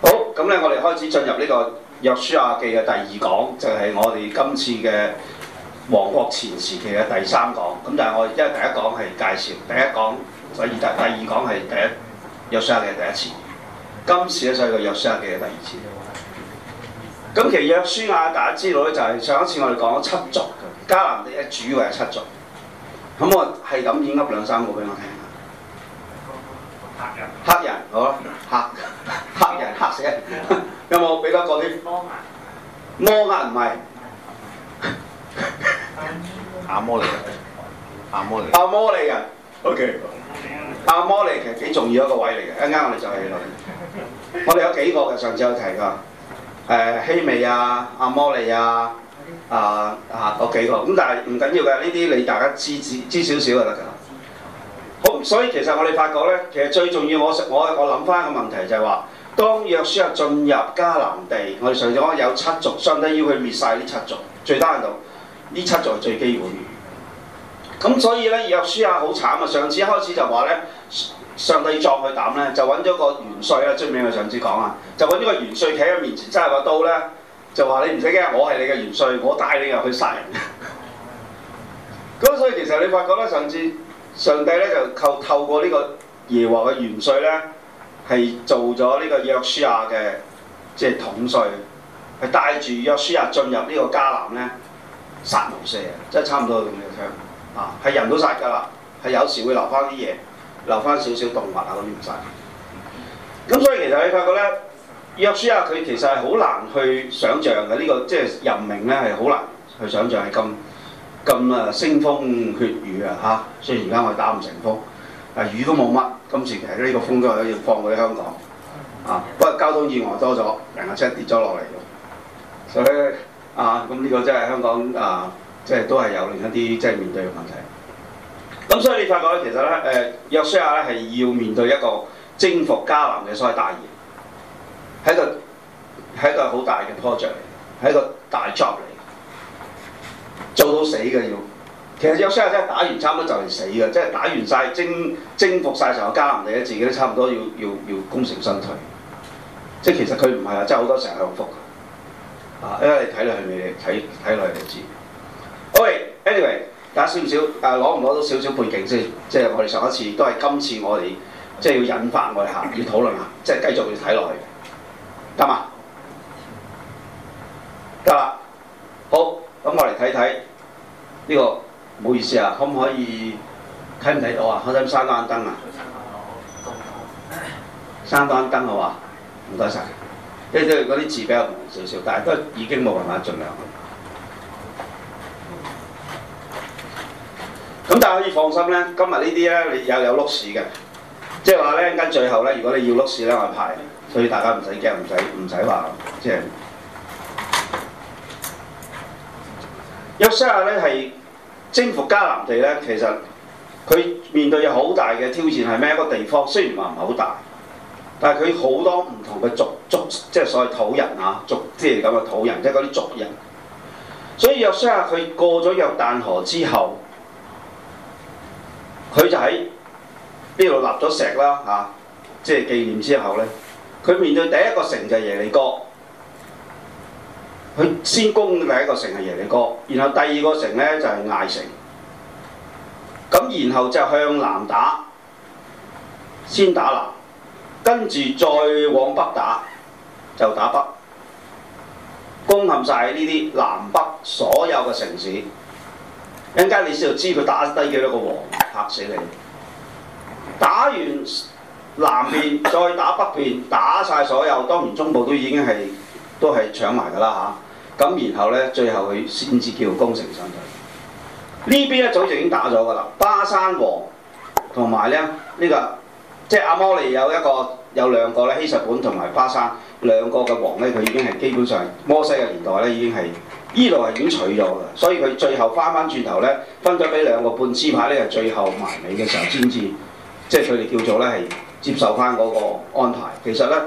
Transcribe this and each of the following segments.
好，咁咧我哋開始進入呢個約書亞記嘅第二講，就係、是、我哋今次嘅王國前時期嘅第三講。咁但係我因為第一講係介紹，第一講所以第第二講係第一約書亞記嘅第一次，今次咧就係約書亞記嘅第二次。咁其實約書亞大家知道咧就係上一次我哋講咗七族，嘅迦南地嘅主位係七族。咁我係咁已經噏兩三個俾我聽。黑人，黑人，好黑。 有冇比得過啲摩押？摩押唔係阿摩利嘅，阿摩利。阿摩利嘅，OK、啊。阿摩利其實幾重要一個位嚟嘅，一陣間我哋就起攞嚟。 我哋有幾個嘅，上次有提過，誒、呃、希美啊、阿摩利啊、啊啊嗰幾個，咁但係唔緊要嘅，呢啲你大家知知知少少就得㗎啦。好，所以其實我哋發覺咧，其實最重要，我我我諗翻一個問題就係、是、話。當約書亞進入迦南地，我哋上次講有七族，上帝要佢滅晒呢七族，最低限度，呢七族係最基本嘅。咁所以呢，約書亞好慘啊！上次開始就話呢，上帝壯佢膽呢，就揾咗個元帥啦，最尾佢上次講啊，就揾呢個元帥企喺面前揸住把刀呢，就話你唔使驚，我係你嘅元帥，我帶你入去殺人。咁 所以其實你發覺呢，上次上帝呢，就透透過呢個耶和華嘅元帥呢。係做咗呢個約書亞嘅即係統帥，係帶住約書亞進入呢個迦南呢，殺無赦啊！即係差唔多咁樣聽啊！係人都殺㗎啦，係有時會留翻啲嘢，留翻少少動物啊嗰啲唔殺。咁所以其實你發覺呢，約書亞佢其實係好難去想像嘅呢個即係任命呢，係好難去想像係咁咁啊腥風血雨啊嚇！雖然而家我打唔成風。啊雨都冇乜，今次其實呢個風都係要放佢喺香港，啊不過交通意外多咗，人嘅車跌咗落嚟咯，所以啊咁呢個真係香港啊，即係都係有另一啲即係面對嘅問題。咁所以你發覺咧，其實咧誒約書亞咧係要面對一個征服迦南嘅所謂大業，係一個係一個好大嘅 project 嚟，係一個大 job 嚟，做到死嘅要。其實有啲人真係打完差唔多就嚟死嘅，即係打完晒、征服晒，成個迦南地咧，自己都差唔多要要要功成身退。即其實佢唔係啊，真係好多成日享福。啊，因為睇落去你睇睇落去就知。好、okay，anyway，大家少唔少？誒、啊，攞唔攞到少少背景先，即係我哋上一次都係今次我哋即係要引發我哋行，要討論下，即係繼續要睇落去。得嘛？得啦。好，咁我嚟睇睇呢個。唔好意思啊，可唔可以睇唔睇到啊？閂唔閂返間燈啊？閂返間燈好嘛、啊？唔該晒。即係嗰啲字比較模糊少少，但係都已經冇辦法盡量。咁、嗯、但係可以放心咧，今日呢啲咧，你有有碌市嘅，即係話咧，陣間最後咧，如果你要碌市咧，我係派，所以大家唔使驚，唔使唔使話，即係。優秀咧係。征服迦南地呢，其實佢面對有好大嘅挑戰係咩？一個地方雖然話唔係好大，但係佢好多唔同嘅族族，即係所謂土人啊，族即係咁嘅土人，即係嗰啲族人。所以約書亞，佢過咗約旦河之後，佢就喺呢度立咗石啦嚇、啊，即係紀念之後呢，佢面對第一個城就係耶利哥。佢先攻第一個城係耶利哥，然後第二個城呢就係、是、艾城，咁然後就向南打，先打南，跟住再往北打就打北，攻陷晒呢啲南北所有嘅城市，一陣間你先就知佢打低幾多個王，嚇死你！打完南邊再打北邊，打晒所有，當然中部都已經係都係搶埋㗎啦嚇。咁然後呢，最後佢先至叫功成身退。呢邊一早就已經打咗㗎啦，巴山王同埋咧呢、呢個即係阿摩利有一個有兩個呢，希實本同埋巴山兩個嘅王呢，佢已經係基本上摩西嘅年代呢，已經係呢度係已經除咗啦。所以佢最後翻翻轉頭呢，分咗俾兩個半支派呢，係最後埋尾嘅時候先至，即係佢哋叫做呢，係接受翻嗰個安排。其實呢。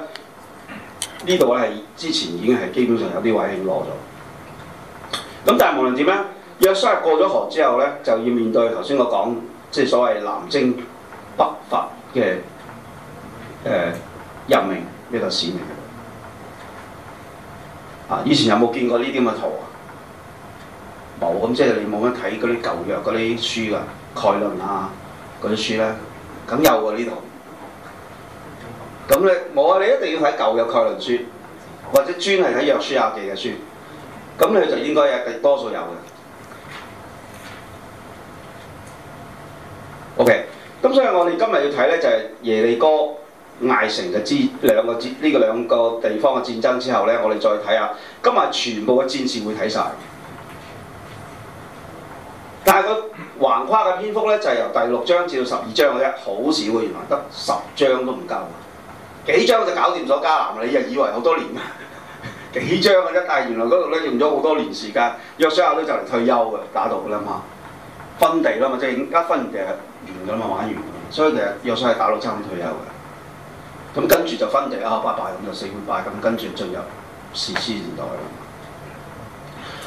呢度咧係之前已經係基本上有啲位已經攞咗，咁但係無論點咧，約塞入過咗河之後呢，就要面對頭先我講即係所謂南征北伐嘅誒、呃、任命呢個、這個、使命。啊，以前有冇見過呢啲咁嘅圖啊？冇、啊，咁即係你冇乜睇嗰啲舊約嗰啲書噶概論啊嗰啲書呢？咁有喎呢度。咁你冇啊！你一定要睇舊約概論書，或者專係睇約書亞記嘅書。咁你就應該有，多數有嘅。OK，咁所以我哋今日要睇呢，就係、是、耶利哥、艾城嘅戰兩個戰呢、這個兩個地方嘅戰爭之後呢。我哋再睇下今日全部嘅戰事會睇晒。但係個橫跨嘅篇幅呢，就係、是、由第六章至到十二章嘅啫，好少嘅，原來得十章都唔夠。幾張就搞掂咗迦南啦！你又以為好多年啊？幾張啊？啫，但係原來嗰度咧用咗好多年時間。約書亞咧就嚟退休嘅，打到啦嘛，分地啦嘛，即係一分地，分地完嘅啦嘛，玩完。所以其實約書亞打到差唔多退休嘅。咁跟住就分地啊，拜拜咁就四分拜，咁跟住進入士師年代。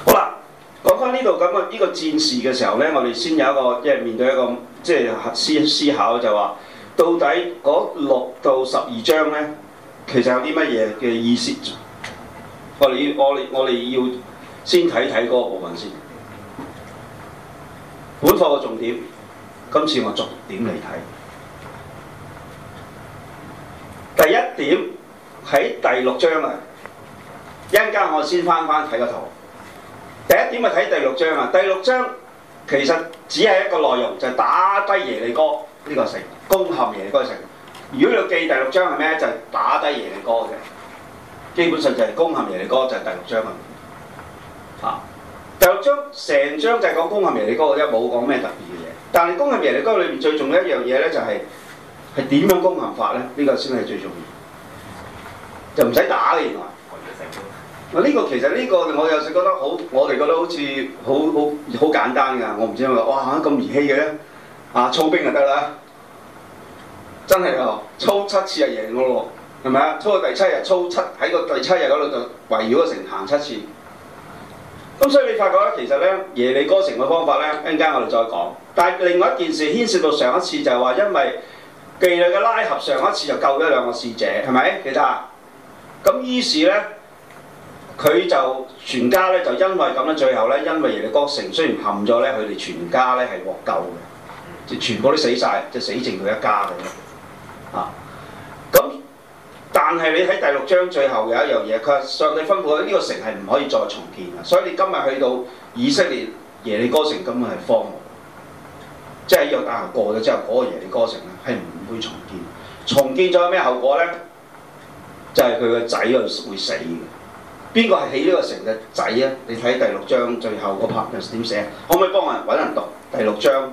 好啦，講翻呢度咁嘅呢個戰事嘅時候咧，我哋先有一個即係面對一個即係思思考就話、是。到底嗰六到十二章呢，其實有啲乜嘢嘅意思？我哋要我哋我哋要先睇睇嗰個部分先。本課嘅重點，今次我逐點嚟睇。第一點喺第六章啊，一陣間我先翻翻睇個圖。第一點咪睇第六章啊，第六章其實只係一個內容，就係打低耶利哥。呢個成攻陷耶利哥成，如果你要記第六章係咩就係、是、打低耶利哥嘅，基本上就係攻陷耶利哥，就係第六章啦。啊、第六章成章就係講攻陷耶利哥嘅啫，冇講咩特別嘅嘢。但係攻陷耶利哥裏面最重要一樣嘢咧，就係係點樣攻陷法咧？呢、這個先係最重要。就唔使打嘅原來。嗱呢、啊這個其實呢、這個我有時覺得好，我哋覺得好似好好好簡單㗎，我唔知點解，哇咁兒戲嘅咧。啊，操兵就得啦，真係哦，操七次就贏咯喎，係咪啊？操到第七日，操七喺個第七日嗰度就圍繞個城行七次。咁所以你發覺咧，其實咧耶利哥城嘅方法咧，一陣間我哋再講。但係另外一件事牽涉到上一次就係話，因為妓女嘅拉合上一次就救咗兩個侍者，係咪？你睇下？咁於是咧，佢就全家咧就因為咁咧，最後咧因為耶利哥城雖然陷咗咧，佢哋全家咧係獲救嘅。即全部都死晒，即死剩佢一家嘅啫。啊，咁但係你睇第六章最後有一樣嘢，佢上帝吩咐呢個城係唔可以再重建，所以你今日去到以色列耶利哥城，根本係荒謬。即係呢個大流行過咗之後，嗰、那個耶利哥城咧係唔會重建。重建咗有咩後果呢？就係佢個仔會死嘅。邊個係起呢個城嘅仔啊？你睇第六章最後嗰拍 a r 點寫？可唔可以幫人搵人讀第六章？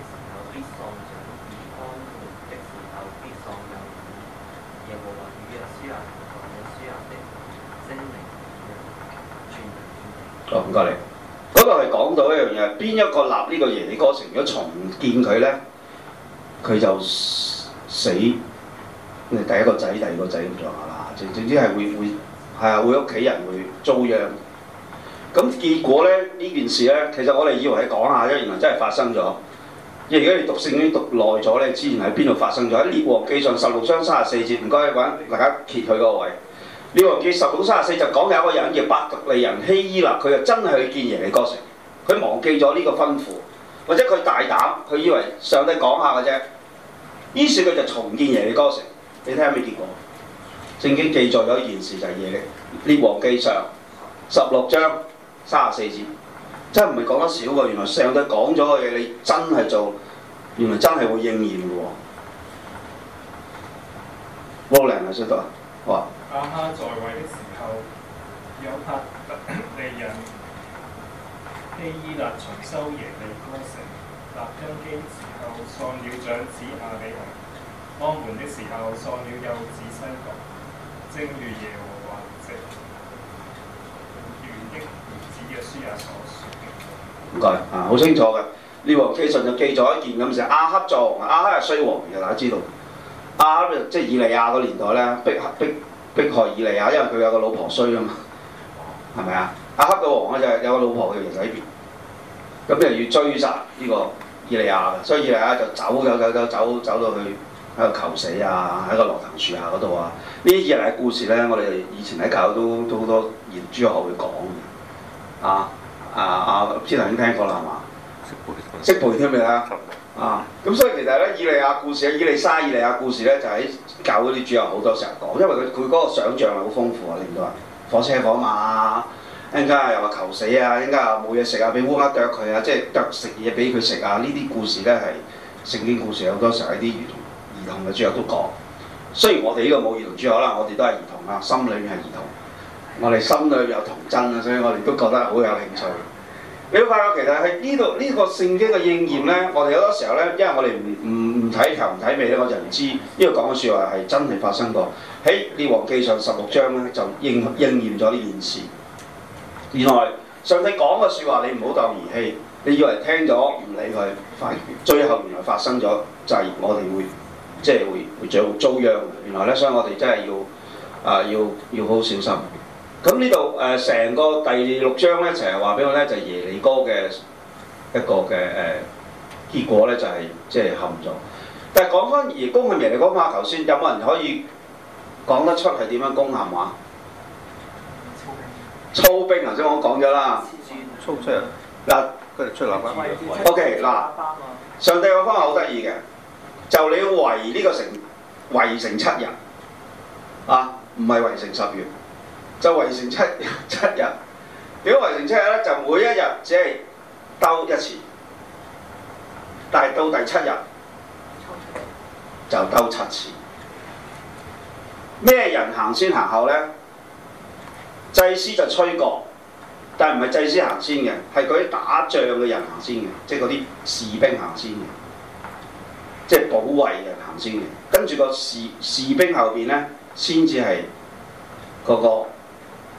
過嚟，嗰個係講到一樣嘢，邊一個立呢個耶利哥城，如果重建佢呢？佢就死，第一個仔、第二個仔咁上下啦，總之係會會係啊，會屋企人會遭殃。咁結果呢，呢件事呢，其實我哋以為係講下啫，原來真係發生咗。而家你讀聖經讀耐咗呢，之前喺邊度發生咗？喺《列王記》上十六章三十四節，唔該，大家揭佢個位。你話記十五三十四就講有個人叫伯特利人希伊啦，佢就真係去建耶利哥城，佢忘記咗呢個吩咐，或者佢大膽，佢以為上帝講下嘅啫，於是佢就重建耶利哥城。你睇下有冇結果？聖經記載咗一件事就係、是、耶利列王記上十六章三十四節，真係唔係講得少喎。原來上帝講咗嘅嘢，你真係做，原來真係會應驗喎。高梁係識得，哇！阿哈在位的時候，有法利人希爾納重修耶利哥城。亞當基死後，喪了長子阿比米。安門的時候，喪了幼子西革。正如耶和華約書亞所說：唔該啊，好清楚嘅。列王記上就記咗一件咁嘅阿亞哈做，亞哈係衰王，大家知道。阿哈即係以利亞個年代咧，逼逼迫害以利亞，因為佢有個老婆衰啊嘛，係咪啊？阿黑嘅王咧就有個老婆嘅人仔變，咁又要追殺呢個以利亞，所以以利亞就走走走走走到去喺個求死啊，喺個羅騰樹下嗰度啊。呢啲以利亞故事呢，我哋以前喺教都都好多主日學會講嘅，啊啊啊！天台兄聽過啦係嘛？識背添未啊？啊！咁所以其實呢，以利亞故事、以利沙、以利亞故事呢，就喺、是、教嗰啲主日好多時候講，因為佢佢嗰個想像係好豐富啊，你唔得啊！火車火馬，啲人又話求死啊，啲人又冇嘢食啊，俾烏鴉啄佢啊，即係啄食嘢俾佢食啊，呢啲故事呢，係聖經故事好多時候喺啲兒童兒童嘅主日都講。雖然我哋呢個冇兒童主日啦，我哋都係兒童啊，心裏面係兒童，我哋心裏有童真啊，所以我哋都覺得好有興趣。你會發覺，其實喺呢度呢個聖經嘅應驗呢，我哋好多時候呢，因為我哋唔唔唔睇頭唔睇尾呢，我就唔知呢個講嘅説話係真係發生過。喺列王記上十六章呢，就應應驗咗呢件事。原來上帝講嘅説話，你唔好當兒戲，你以為聽咗唔理佢，最後原來發生咗，就係、我哋會即係、就係、會會遭殃。原來呢，所以我哋真係要啊、呃、要要好小心。咁呢度誒成個第六章咧，成日話俾我咧，就係耶利哥嘅一個嘅誒結果咧，就係即係陷咗。但係講翻而攻陷人哋講下頭先，有冇人可以講得出係點樣攻陷話？操兵。操兵頭先我講咗啦。操出嚟。嗱，佢哋出嚟。O K 嗱，上帝嘅方法好得意嘅，就你要圍呢個城，圍城七日，啊，唔係圍城十月。就圍成七日七日，如果圍成七日呢，就每一日只係兜一次，但係到第七日就兜七次。咩人行先行後呢？祭司就吹角，但唔係祭司行先嘅，係嗰啲打仗嘅人行先嘅，即係嗰啲士兵行先嘅，即係保衞嘅行先嘅。跟住個士士兵後邊呢，先至係嗰個。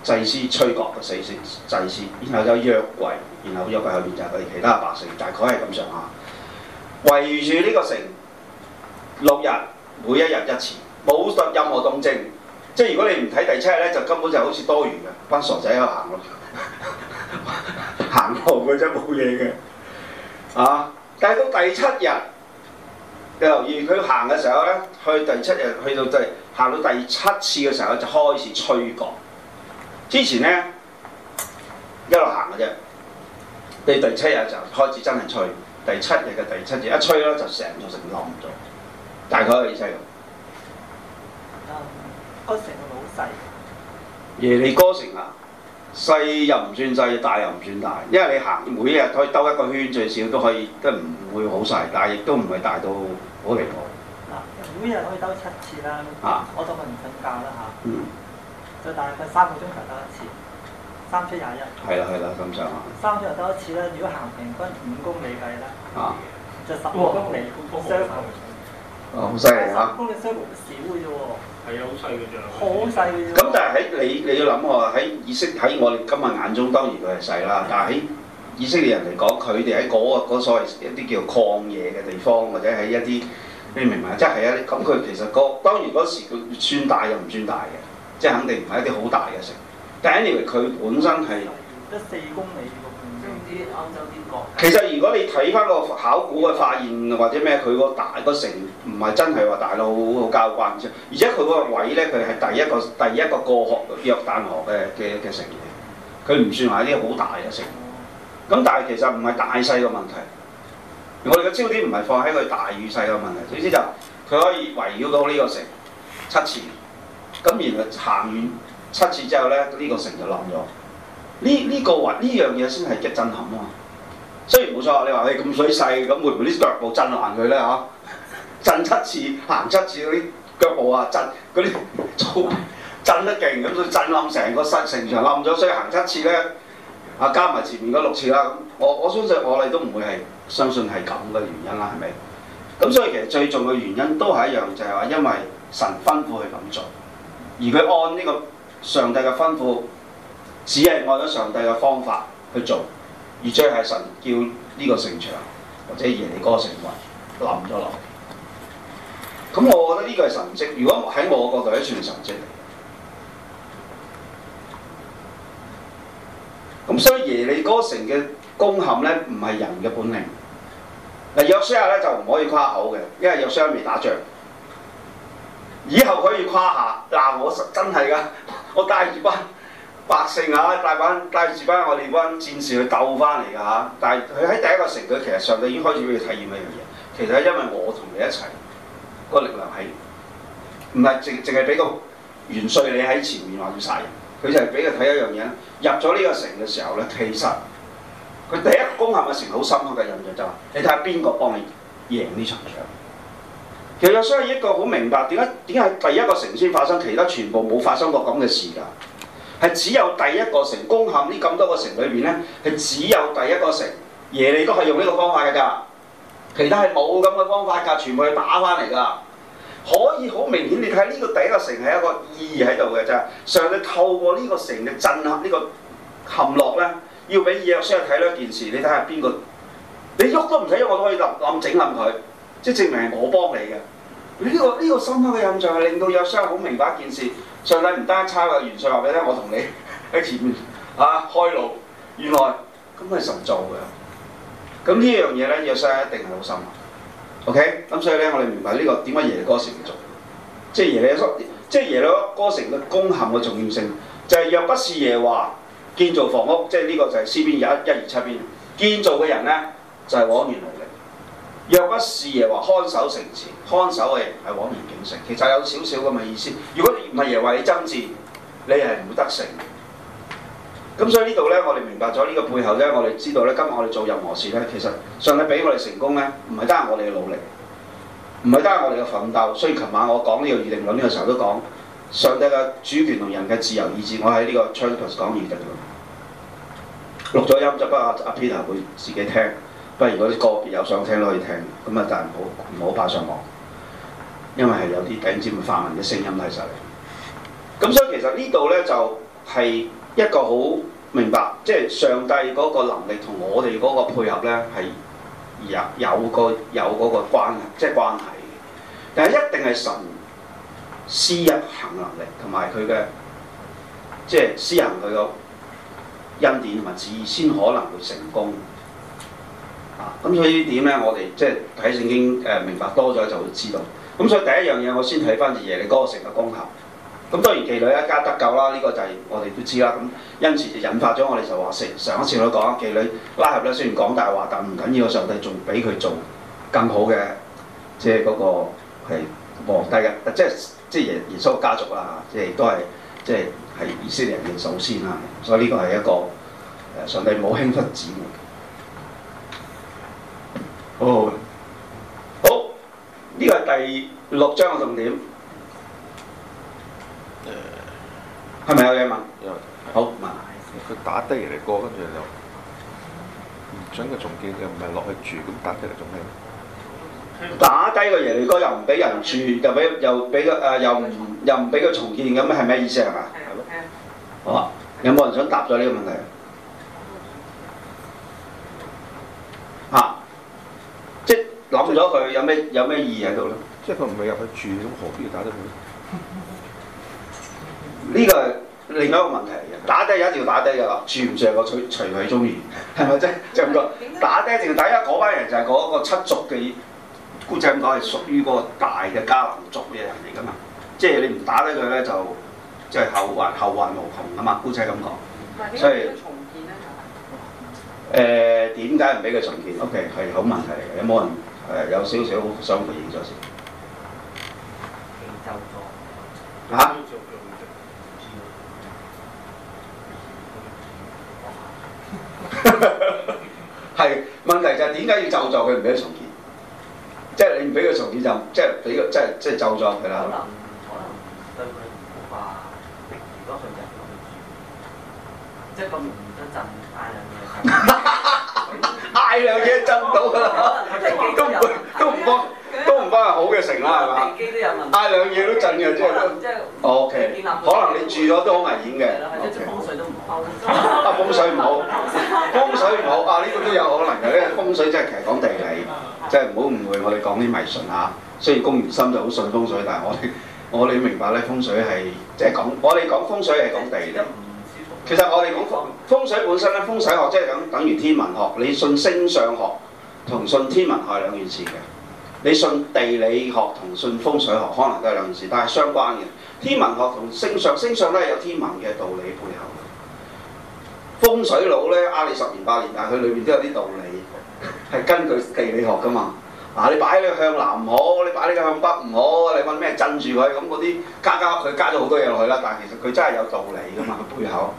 祭司吹角嘅四次祭司，然後有約櫃，然後約櫃後面就係我哋其他百姓，大概係咁上下。圍住呢個城六日，每一日一次，冇得任何動靜。即係如果你唔睇第七日呢，就根本就好似多餘嘅，班傻仔喺度行咯，行 路佢真係冇嘢嘅，啊！但係到第七日，你留意佢行嘅時候呢，去第七日去到第行到第七次嘅時候，就開始吹角。之前呢，一路行嘅啫，你第七日就開始真係吹，第七日嘅第七日一吹呢，就成座城冧咗，大概係幾細？歌成個老細耶利哥城啊，細又唔算細，大又唔算大，因為你行每日可以兜一個圈，最少都可以都唔會好細，但係亦都唔係大到好離譜。每日可以兜七次啦，啊、我當佢唔瞓覺啦嚇。啊嗯就大概三個鐘頭得一次，三七廿一，係啦係啦，咁上下。三出又得一次啦。如果行平均五公里計啦，就十個公里，半個三個鐘哦，好犀利啊！十公里係好少嘅啫喎，係啊，好細嘅啫。好細嘅啫。咁但係喺你你要諗喎，喺以色列喺我哋今日眼中當然佢係細啦，但係喺以色列人嚟講，佢哋喺嗰個所謂一啲叫曠野嘅地方，或者喺一啲你明白啊？即係啊，咁佢其實嗰當然嗰時佢算大又唔算大嘅。即係肯定唔係一啲好大嘅城。但 anyway 佢本身係得四公里咁，即唔知歐洲啲國。其實如果你睇翻個考古嘅發現或者咩，佢個大個城唔係真係話大到好好交關。而且佢個位咧，佢係第一個第一個過河約旦河嘅嘅嘅城，佢唔算話一啲好大嘅城。咁但係其實唔係大細嘅問題。我哋嘅焦點唔係放喺佢大與細嘅問題，總之就佢可以圍繞到呢個城七次。咁然後行完七次之後咧，呢、這個城就冧咗。呢呢、這個雲呢樣嘢先係激震撼啊！雖然冇錯你話你咁水細，咁會唔會啲腳步震爛佢咧？嚇、啊，震七次，行七次啲腳步啊，震嗰啲都震得勁，咁所以震冧成個城城牆冧咗，所以行七次咧，啊加埋前面個六次啦，咁我我相信我哋都唔會係相信係咁嘅原因啦，係咪？咁所以其實最重要嘅原因都係一樣，就係、是、話因為神吩咐佢咁做。而佢按呢個上帝嘅吩咐，只係按咗上帝嘅方法去做，而最係神叫呢個城牆或者耶利哥城圍冧咗落。咁我覺得呢個係神跡，如果喺我嘅角度係算神跡。咁所以耶利哥城嘅攻陷呢，唔係人嘅本領，嗱，約書亞呢，就唔可以誇口嘅，因為約書亞未打仗。以後可以跨下嗱、啊，我真係噶，我帶住班百姓啊，帶班帶住班我哋班戰士去鬥翻嚟噶嚇。但係佢喺第一個城，佢其實上帝已經開始俾佢體驗一樣嘢，其實係因為我同你一齊，個力量係唔係淨淨係俾個元帥你喺前面話要殺人，佢就係俾佢睇一樣嘢。入咗呢個城嘅時候咧，其實佢第一攻陷個城好深刻嘅印象就係、是，你睇下邊個幫你贏呢場仗。其實需要一個好明白點解點解第一個城先發生，其他全部冇發生過咁嘅事㗎，係只有第一個城攻陷呢咁多個城裏邊咧，係只有第一個城耶利哥係用呢個方法㗎咋，其他係冇咁嘅方法㗎，全部係打翻嚟㗎。可以好明顯，你睇呢個第一個城係一個意義喺度嘅啫。上帝透過呢個城嘅震撼呢個陷落咧，要俾約書亞去睇到一件事，你睇下邊個，你喐都唔喐，我都可以冧冧整冧佢，即係證明係我幫你嘅。呢個呢個深刻嘅印象係令到約書亞好明白一件事，上帝唔單差個元帥話俾咧我同你喺前面啊開路，原來根本係神造嘅。咁呢樣嘢咧，約書亞一定係好深。OK，咁所以咧，我哋明白呢、這個點解耶利哥城做，即係耶利哥，即係耶利哥成城、就是就是、功行嘅重要性，就係若不是耶和華建造房屋，即係呢個就係詩篇有一一二七篇建造嘅人咧，就係、是、枉然若不是耶和華，看守城池，看守嘅係枉然警醒。其實有少少咁嘅意思。如果唔係耶和華你爭戰，你係唔會得成。咁所以呢度呢，我哋明白咗呢個背後呢，我哋知道呢，今日我哋做任何事呢，其實上帝俾我哋成功呢，唔係單係我哋嘅努力，唔係單係我哋嘅奮鬥。所以琴晚我講呢個預定論呢個時候都講上帝嘅主權同人嘅自由意志，我喺呢個 chapter 講預定論，錄咗音就俾阿阿 Peter 佢自己聽。不如果啲個別有想聽都可以聽，咁啊，但係唔好唔好擺上網，因為係有啲頂尖嘅泛民嘅聲音嚟實嚟。咁所以其實呢度呢，就係、是、一個好明白，即、就、係、是、上帝嗰個能力同我哋嗰個配合呢，係有有個有嗰個關即係、就是、關係，但係一定係神施行能力同埋佢嘅即係施行佢個恩典同埋旨意先可能會成功。咁、啊、所以呢啲點呢？我哋即係睇聖經誒、呃，明白多咗就會知道。咁所以第一樣嘢，我先睇翻住耶利哥城嘅攻陷。咁當然妓女一家得救啦，呢、這個就係我哋都知啦。咁因此就引發咗我哋就話：成上一次我講，妓女拉合咧，雖然講大話，但唔緊要緊，上帝仲俾佢做更好嘅，即係嗰、那個皇帝嘅，即係即係耶耶穌家族啦，即係都係即係係以色列人嘅祖先啦。所以呢個係一個、呃、上帝冇輕忽展。好、oh. 好，呢個係第六章嘅重點，係咪有嘢、uh, 問？有、uh, 好，佢 Nice. 打低耶利哥，跟住又唔准佢重建，又唔係落去住，咁打低嚟做咩？打低個耶利哥又唔俾人住，又俾又俾個誒，又唔又唔俾佢重建，咁係咩意思係嘛？Okay. 好啊了，有冇人想答咗呢個問題？諗咗佢有咩有咩意義喺度咧？即係佢唔係入去住，咁何必要打得佢？呢個係另一個問題。打低有一條打低嘅啦，住唔住個隨隨佢中意，係咪啫？即係咁講，打低淨係第一嗰班人就係嗰個七族嘅姑姐咁講係屬於嗰個大嘅迦南族嘅人嚟噶嘛？即係你唔打低佢咧，就是、就、即係、後患後患無窮啊嘛！姑姐咁講，所以重建誒點解唔俾佢重建，呢、呃、重建？OK，係好問題嚟嘅，有冇人？誒有少少想回應咗先，啊！係 問題就係點解要就座佢唔俾佢重建？即、就、係、係、你唔俾佢重建就係，即係俾佢，即係即係就座㗎啦。可能可能對佢冇辦法，如果佢人住，即係咁唔得浸嗌兩嘢震到啦，都唔都唔幫，都唔幫係好嘅成啦，係嘛？嗌兩嘢都震嘅，即係 O K。可能你住咗都好危險嘅。都唔好啊，風水唔好，風水唔好。啊，呢個都有可能嘅，因為風水真係其實講地理，即係唔好誤會我哋講啲迷信嚇。雖然公賢心就好信風水，但係我哋我哋明白咧，風水係即係講，我哋講風水係講地理。其實我哋講風水本身咧，風水學即係咁，等於天文學。你信星相學同信天文學係兩件事嘅，你信地理學同信風水學可能都係兩件事，但係相關嘅。天文學同星相，星象咧有天文嘅道理背後。風水佬呢，教、啊、你十年八年，但係佢裏面都有啲道理，係根據地理學噶嘛。嗱、啊，你擺你向南唔好，你擺你向北唔好，你搵咩鎮住佢咁嗰啲加加，佢加咗好多嘢落去啦。但係其實佢真係有道理噶嘛，佢背後。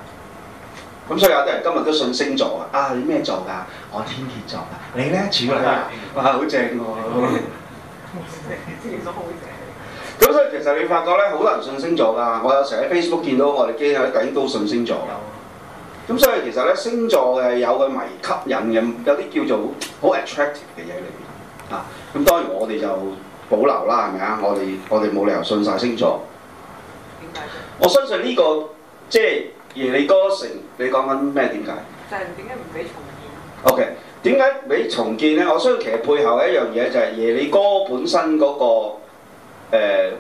咁、嗯、所以有啲人今日都信星座啊！啊，你咩座噶？我天蠍座噶。你咧？處女啊！哇，好正喎、啊！天蠍座好正。咁所以其實你發覺咧，好多人信星座噶。我有成日喺 Facebook 見到我哋基友啲仔都信星座。有。咁、嗯、所以其實咧，星座誒有個迷吸引嘅，有啲叫做好 attractive 嘅嘢嚟。啊，咁、嗯、當然我哋就保留啦，係咪啊？我哋我哋冇理由信晒星座。點解？我相信呢、呢個即係。耶利哥城，你講緊咩？點解？就係點解唔俾重建？O K，點解唔俾重建呢？我想其實背後一樣嘢就係耶利哥本身嗰、那個誒、呃、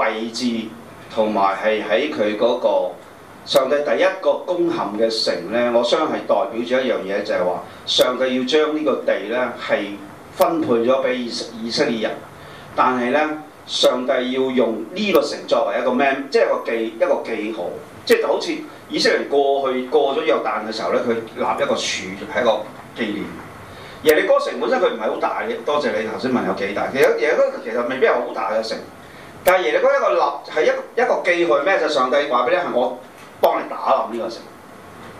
位置，同埋係喺佢嗰個上帝第一個攻陷嘅城呢，我相信係代表住一樣嘢，就係話上帝要將呢個地呢係分配咗俾以，以色列人，但係呢，上帝要用呢個城作為一個咩？即係一個記一個記號。即係就好似以色列人過去過咗約旦嘅時候咧，佢立一個柱係一個紀念。耶利哥城本身佢唔係好大嘅，多謝你頭先問有幾大。耶耶利哥其實未必係好大嘅城，但係耶利哥一個立係一一個記號咩？就係、上帝話俾你，係我幫你打冧呢個城，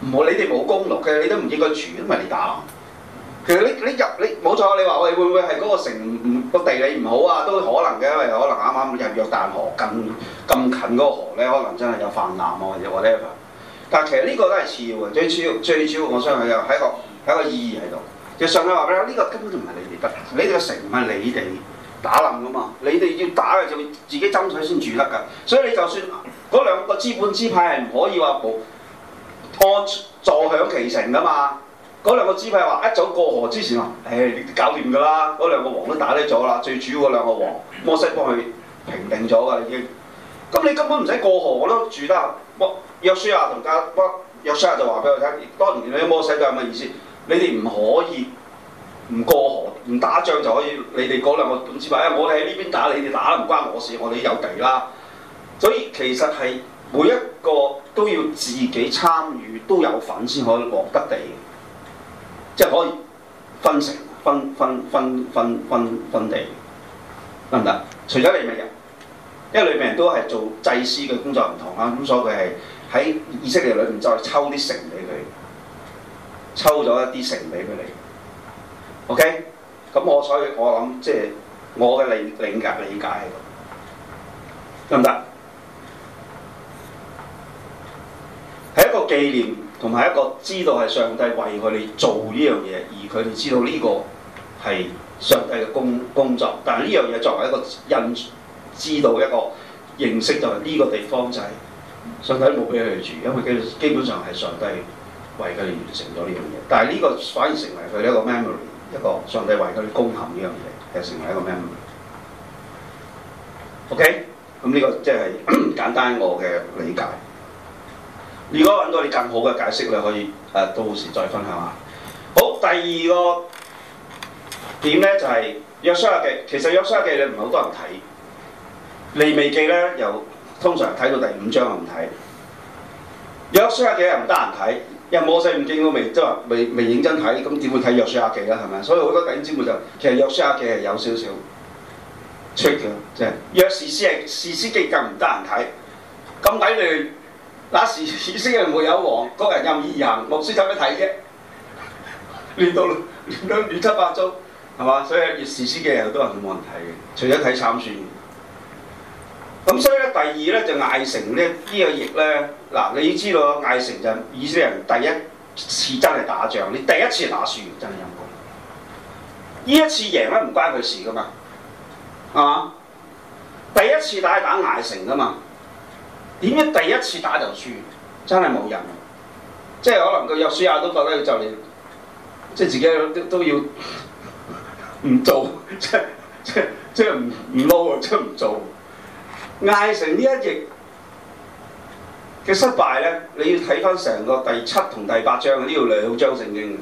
唔好你哋冇功勞嘅，其實你都唔應該住，都、就、係、係、你打冧。其實你你入你冇錯，你話喂會唔會係嗰個城唔個地理唔好啊？都可能嘅，因為可能啱啱入約旦河咁咁近嗰個河咧，可能真係有氾濫喎。或者 whatever，但係其實呢個都係次要嘅，最主要最主要，我相信又喺個喺個意義喺度。即係上去話俾你，呢個根本就唔係你哋得，你哋個城唔係你哋打冧噶嘛，你哋要打嘅就要自己爭取先住得㗎。所以你就算嗰兩個資本支派係唔可以話坐坐享其成㗎嘛。嗰兩個支派話：一早過河之前話，誒、哎，你搞掂㗎啦！嗰兩個王都打低咗啦，最主要嗰兩個王摩西幫佢平定咗㗎，已經。咁你根本唔使過河，我都住得。摩約書亞同家摩約書亞就話俾我聽：當年你摩西就係乜意思？你哋唔可以唔過河、唔打仗就可以。你哋嗰兩個半支派，我哋喺呢邊打，你哋打唔關我事，我哋有地啦。所以其實係每一個都要自己參與，都有份先可以獲得地。即係可以分成分分分分分，分地，得唔得？除咗利未人，因為利未人都係做祭司嘅工作唔同啦，咁所以佢係喺以色列裏面再抽啲城俾佢，抽咗一啲城俾佢嚟。OK，咁我所以我諗即係我嘅理理解理解係咁，得唔得？紀念同埋一個知道係上帝為佢哋做呢樣嘢，而佢哋知道呢個係上帝嘅工工作。但係呢樣嘢作為一個印，知道一個認識就係呢個地方就係、是、上帝冇俾佢哋住，因為基基本上係上帝為佢哋完成咗呢樣嘢。但係呢個反而成為佢哋一個 memory，一個上帝為佢哋攻陷呢樣嘢，係成為一個 memory。OK，咁、嗯、呢、這個即係簡單我嘅理解。如果揾到你更好嘅解釋，你可以、呃、到時再分享啊！好，第二個點呢就係約書亞記，其實約書亞記你唔係好多人睇，利未記咧又通常睇到第五章就唔睇。約書亞記又唔得閒睇，又為摩西五經都未即認真睇，咁點會睇約書亞記咧？係咪？所以好多弟兄姊妹就其實約書亞記係有少少出奇，即係約士師記、士師記更唔得閒睇，咁鬼亂。那時，以色列人沒有,有王，那個人任意而行，牧師有乜睇啫？亂到亂到,亂七八糟，係嘛？所以越史書嘅又多人冇人睇嘅，除咗睇參孫。咁所以咧，第二呢，就艾城咧，呢個役呢。嗱、這個，你知道艾城就以色列人第一次真係打仗，你第一次打輸真係陰公。呢一次贏呢，唔關佢事噶嘛，係嘛？第一次打係打艾城噶嘛。點解第一次打就輸？真係冇人，即係可能約書亞啊都覺得就嚟，即係自己都，都要唔做，即係即係即係唔唔撈啊！即係唔做。艾城呢一役嘅失敗咧，你要睇翻成個第七同第八章啊，呢度兩章聖經。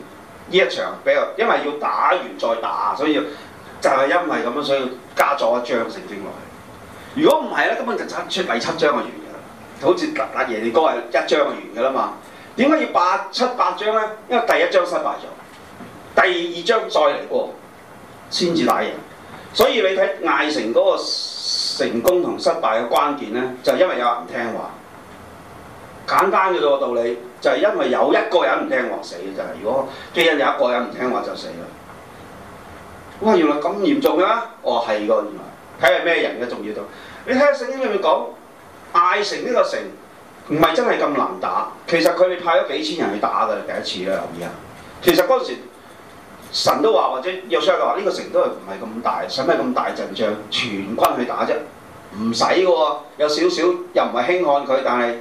呢一場比較，因為要打完再打，所以就係、是、因為咁樣，所以加咗一章聖經落去。如果唔係咧，根本就差出第七章嘅餘。好似打打耶利哥係一張完㗎喇嘛，點解要八七八張呢？因為第一張失敗咗，第二張再嚟過先至打贏。所以你睇艾成嗰個成功同失敗嘅關鍵呢，就係、是、因為有人唔聽話。簡單嘅啫道理，就係、是、因為有一個人唔聽話就死嘅真係。如果即係有一個人唔聽話就死啦。哇！原來咁嚴重嘅，哦係喎，原來睇下咩人嘅重要度。你睇聖經裏面講。艾城呢個城唔係真係咁難打，其實佢哋派咗幾千人去打㗎啦，第一次啦咁樣。其實嗰陣時神都話，或者約書亞話，呢、這個城都係唔係咁大，使咩咁大陣仗全軍去打啫？唔使嘅喎，有少少又唔係輕看佢，但係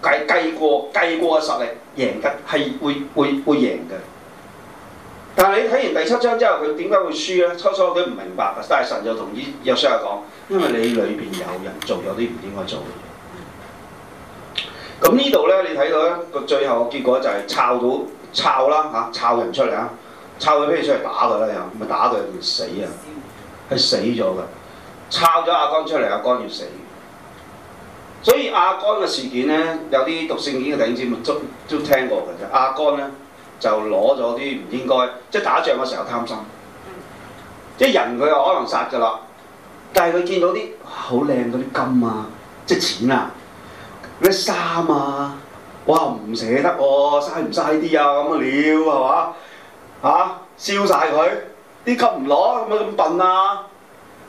計計過計過嘅實力，贏得係會會會贏嘅。但係你睇完第七章之後，佢點解會輸咧？初初佢唔明白嘅，但係神就同約書亞講，因為你裏邊有人做，有啲唔應該做。咁呢度呢，你睇到呢個最後嘅結果就係抄到抄啦嚇，抄、啊、人出嚟啊，抄佢出嚟打佢啦又，咪打到佢死啊，係死咗噶，抄咗阿江出嚟，阿江要死。所以阿江嘅事件呢，有啲讀聖經嘅弟兄姊妹都都聽過嘅啫。阿江呢，就攞咗啲唔應該，即係打仗嘅時候貪心，即係人佢又可能殺㗎啦，但係佢見到啲好靚嗰啲金啊，即係錢啊。咩衫啊？哇，唔捨得喎，嘥唔嘥啲啊咁嘅料係嘛？嚇燒晒佢，啲、啊、金唔攞，係咪咁笨啊？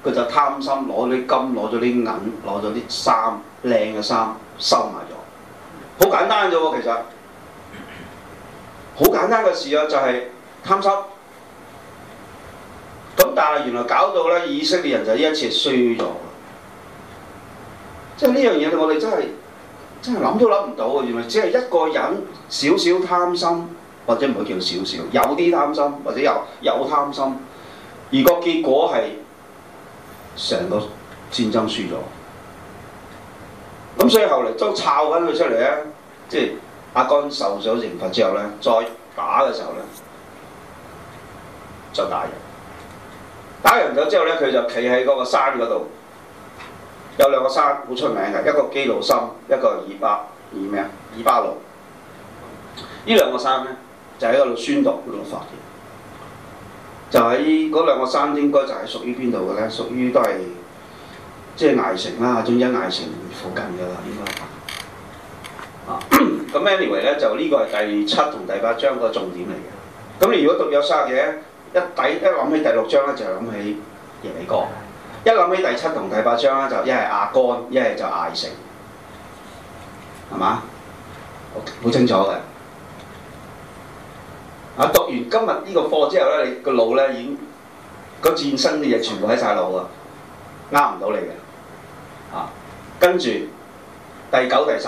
佢就貪心，攞啲金，攞咗啲銀，攞咗啲衫，靚嘅衫收埋咗。好簡單啫喎，其實好簡單嘅事啊，就係、係、貪心。咁但係原來搞到呢，以色列人就呢一次係衰咗。即係呢樣嘢，我哋真係～真係諗都諗唔到嘅，只係一個人少少貪心，或者唔好叫少少，有啲貪心，或者有有貪心，而個結果係成個戰爭輸咗。咁所以後嚟都抄翻佢出嚟呢，即係阿甘受咗刑罰之後呢，再打嘅時候呢，就打人，打人咗之後呢，佢就企喺嗰個山嗰度。有兩個山好出名嘅，一個基利心山，一個以巴以咩啊？以巴路。呢兩個山呢，就喺、是、嗰宣讀嗰度發現。 就喺嗰兩個山應該就係屬於邊度嘅呢？屬於都係即係艾城啦，總之艾城附近㗎啦，應該。啊，咁 anyway 呢，就呢個係第七同第八章個重點嚟嘅。咁你如果讀有卅嘅，一底一諗起第六章呢，就諗起耶利哥。一諗起第七同第八章咧，就一係亞干，一係就艾城，係嘛？好清楚嘅。啊，讀完今日呢個課之後呢，你個腦呢已經個戰爭嘅嘢全部喺晒腦啊，啱唔到你嘅。啊，跟住第九、第十，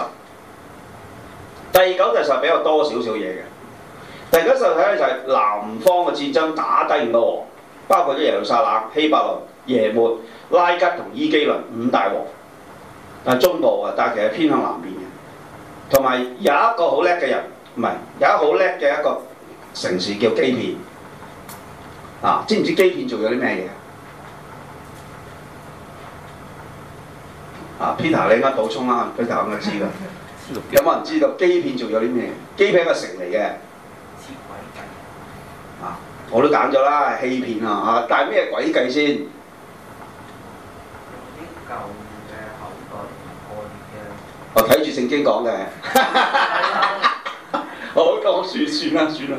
第九、第十比較多少少嘢嘅。第九、第十睇咧就係南方嘅戰爭打低唔到，包括咗耶路撒冷、希伯崙。耶末、拉吉同伊基倫五大王，但中部啊，但其實偏向南邊嘅。同埋有一個好叻嘅人，唔係有一個好叻嘅一個城市叫基片啊？知唔知基片做咗啲咩嘢啊？Peter 你啱補充啦，Peter 佢就咁樣知㗎。 有冇人知道基片做咗啲咩？基片係一個城嚟嘅。啊，我都揀咗啦，欺騙啊！但係咩鬼計先？我睇住聖經講嘅， 好，我算算啦，算啦，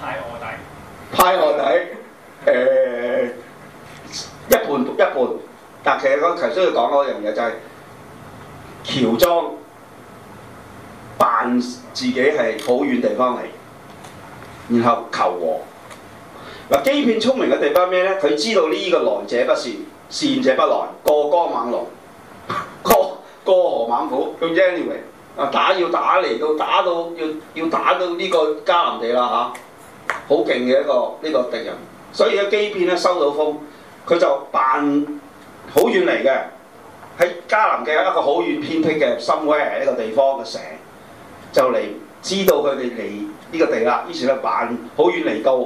派我底，派我底，誒、呃，一半一半，但、啊、係其實我頭先要講嗰樣嘢就係、是、喬裝，扮自己係好遠地方嚟，然後求和。嗱、啊，欺騙聰明嘅地方係咩咧？佢知道呢個來者不是。善者不來，過江猛龍，過過河猛虎，咁 anyway 啊打要打嚟到，打到要要打到呢個迦南地啦嚇，好勁嘅一個呢、呢個敵人，所以咧基遍呢收到風，佢就扮好遠嚟嘅，喺迦南嘅一個好遠偏僻嘅深威，m 一個地方嘅城，就嚟知道佢哋嚟呢個地啦，於是呢，扮好遠嚟到，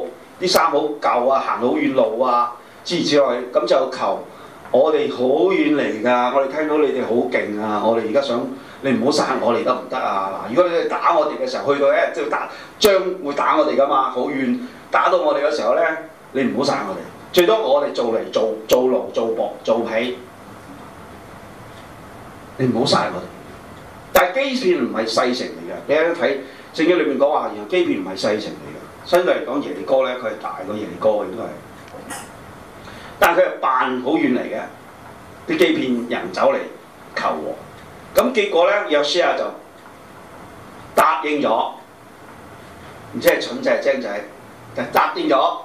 啲衫好舊啊，行好遠路啊，諸如此類，咁就求。我哋好遠嚟㗎，我哋聽到你哋好勁啊！我哋而家想你唔好殺我哋得唔得啊？嗱，如果你哋打我哋嘅時候，去到咧、哎、即係打將會打我哋噶嘛，好遠打到我哋嘅時候呢，你唔好殺我哋。最多我哋做嚟做做牢做薄做皮，你唔好殺我哋。但係基遍唔係細城嚟嘅，你睇聖經裏面講話，其實基遍唔係細城嚟嘅。相對嚟講，耶利哥呢，佢係大過耶利哥嘅都係。應該係但佢係扮好遠嚟嘅，啲機騙人走嚟求和，咁結果呢，約書亞就答應咗，唔知係蠢仔係、就是、精仔，就答應咗，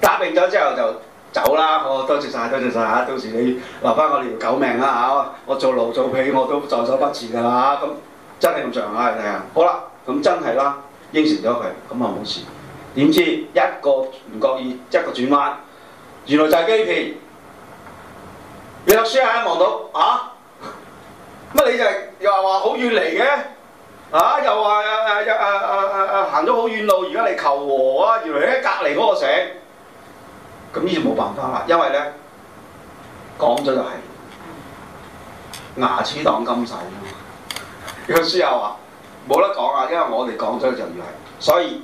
答應咗之後就走啦。好，多謝晒，多謝晒。啊！到時你留翻我條狗命啦、啊、我做奴做婢我都在所不辭㗎啦嚇。咁真係咁上下，係好啦，咁真係啦，應承咗佢咁啊冇事。點知一個唔覺意一個轉彎。原來就係機騙，約書亞望到嚇，乜、啊、你就是、又話好遠嚟嘅，嚇、啊、又話又又又又又行咗好遠路，而家嚟求和、就是、啊！原來喺隔離嗰個城，咁呢就冇辦法啦，因為呢講咗就係牙齒當金使啊！約書亞話冇得講啊，因為我哋講咗就要、是、係，所以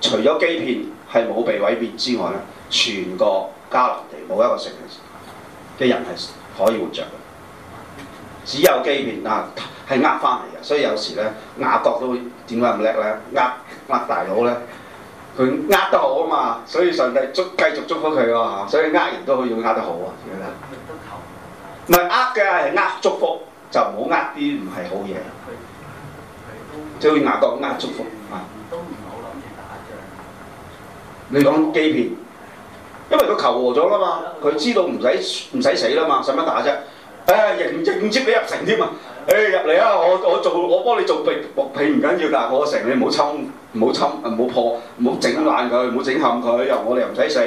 除咗機片係冇被毀滅之外呢全個。迦南地冇一個城嘅人係可以活着嘅，只有機騙啊，係呃翻嚟嘅。所以有時呢，雅各都點解咁叻呢？呃呃大佬呢，佢呃得好啊嘛，所以上帝祝繼續祝福佢喎、啊。所以呃人都可以呃得好啊。唔係呃嘅，係呃祝福，就唔好呃啲唔係好嘢。所以雅各呃祝福啊。你講機騙。因為佢求和咗啦嘛，佢知道唔使唔使死啦嘛，使乜打啫？誒、哎，迎迎接你入城添啊？唉、哎，入嚟啊！我我做我幫你做被薄被唔緊要㗎，我成你唔好侵唔好侵唔好破唔好整爛佢，唔好整陷佢，又我哋又唔使死。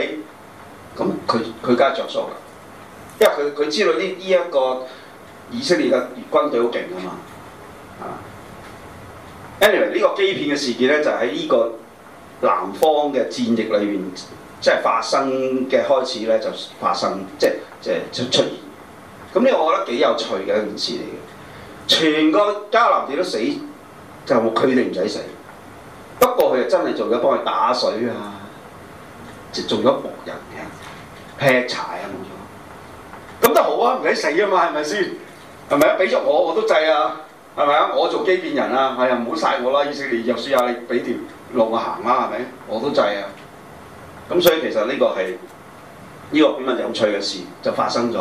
咁佢佢梗係着數啦，因為佢佢知道呢呢一個以色列嘅軍隊好勁啊嘛。啊，anyway 呢個欺騙嘅事件呢，就喺、是、呢、這個。南方嘅戰役裏邊，即係發生嘅開始咧，就發生即係即係出出現。咁呢個我覺得幾有趣嘅一件事嚟嘅。全個迦南地都死，就佢哋唔使死。不過佢又真係做咗幫佢打水啊，即係做咗僕人嘅劈柴啊冇錯。咁都好啊，唔使死啊嘛，係咪先？係咪啊？俾咗我我都制啊，係咪啊？我做基遍人啊，係、哎、啊，唔好殺我啦！以色列又試下你俾條。路個行啦，係咪？我都制啊！咁所以其實呢個係呢個幾咁有趣嘅事就發生咗。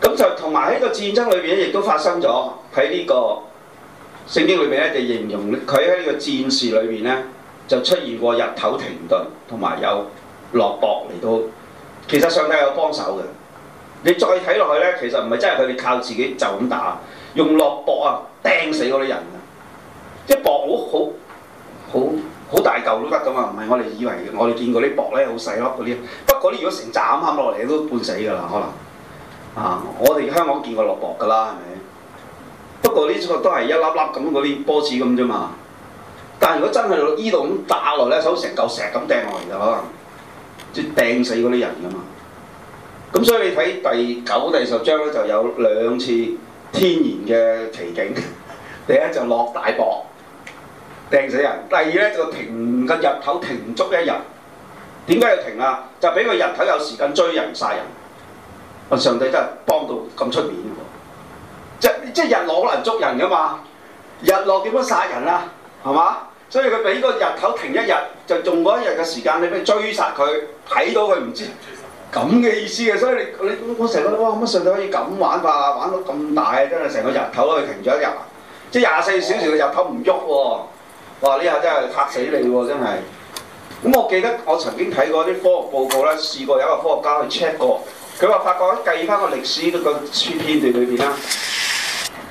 咁就同埋喺個戰爭裏邊亦都發生咗，喺呢個聖經裏邊咧，就形容佢喺呢個戰事裏邊呢，就出現過日頭停頓，同埋有落雹嚟到。其實上帝係有幫手嘅。你再睇落去呢，其實唔係真係佢哋靠自己就咁打，用落雹啊掟死嗰啲人啊！一雹好好～好好大嚿都得㗎嘛，唔係我哋以為我哋見過啲雹呢，好細粒嗰啲，不過呢，如果成鑿咁砍落嚟都半死㗎啦，可能啊，我哋香港見過落雹㗎啦，係咪？不過呢個都係一粒粒咁嗰啲波子咁啫嘛，但係如果真係呢度咁打落咧，好似成嚿石咁掟落嚟㗎可能，即掟死嗰啲人㗎嘛。咁所以你睇第九第十章呢，就有兩次天然嘅奇景，第一就落大雹。掟死人，第二咧就停個日頭，停足一日，點解要停啊？就俾個日頭有時間追人殺人。上帝真係幫到咁出面喎！即即日落可能捉人噶嘛，日落點樣殺人啊？係嘛？所以佢俾個日頭停一日，就用嗰一日嘅時間你俾佢追殺佢，睇到佢唔知咁嘅意思嘅、啊。所以你你，你我成日覺得哇！乜上帝可以咁玩法玩到咁大啊！真係成個日頭都停咗一日，即係廿四小時個日頭唔喐喎。哦哇！呢下真係嚇死你喎，真係。咁我記得我曾經睇過啲科學報告咧，試過有一個科學家去 check 過，佢話發覺咧，計翻個歷史個片段裏邊咧，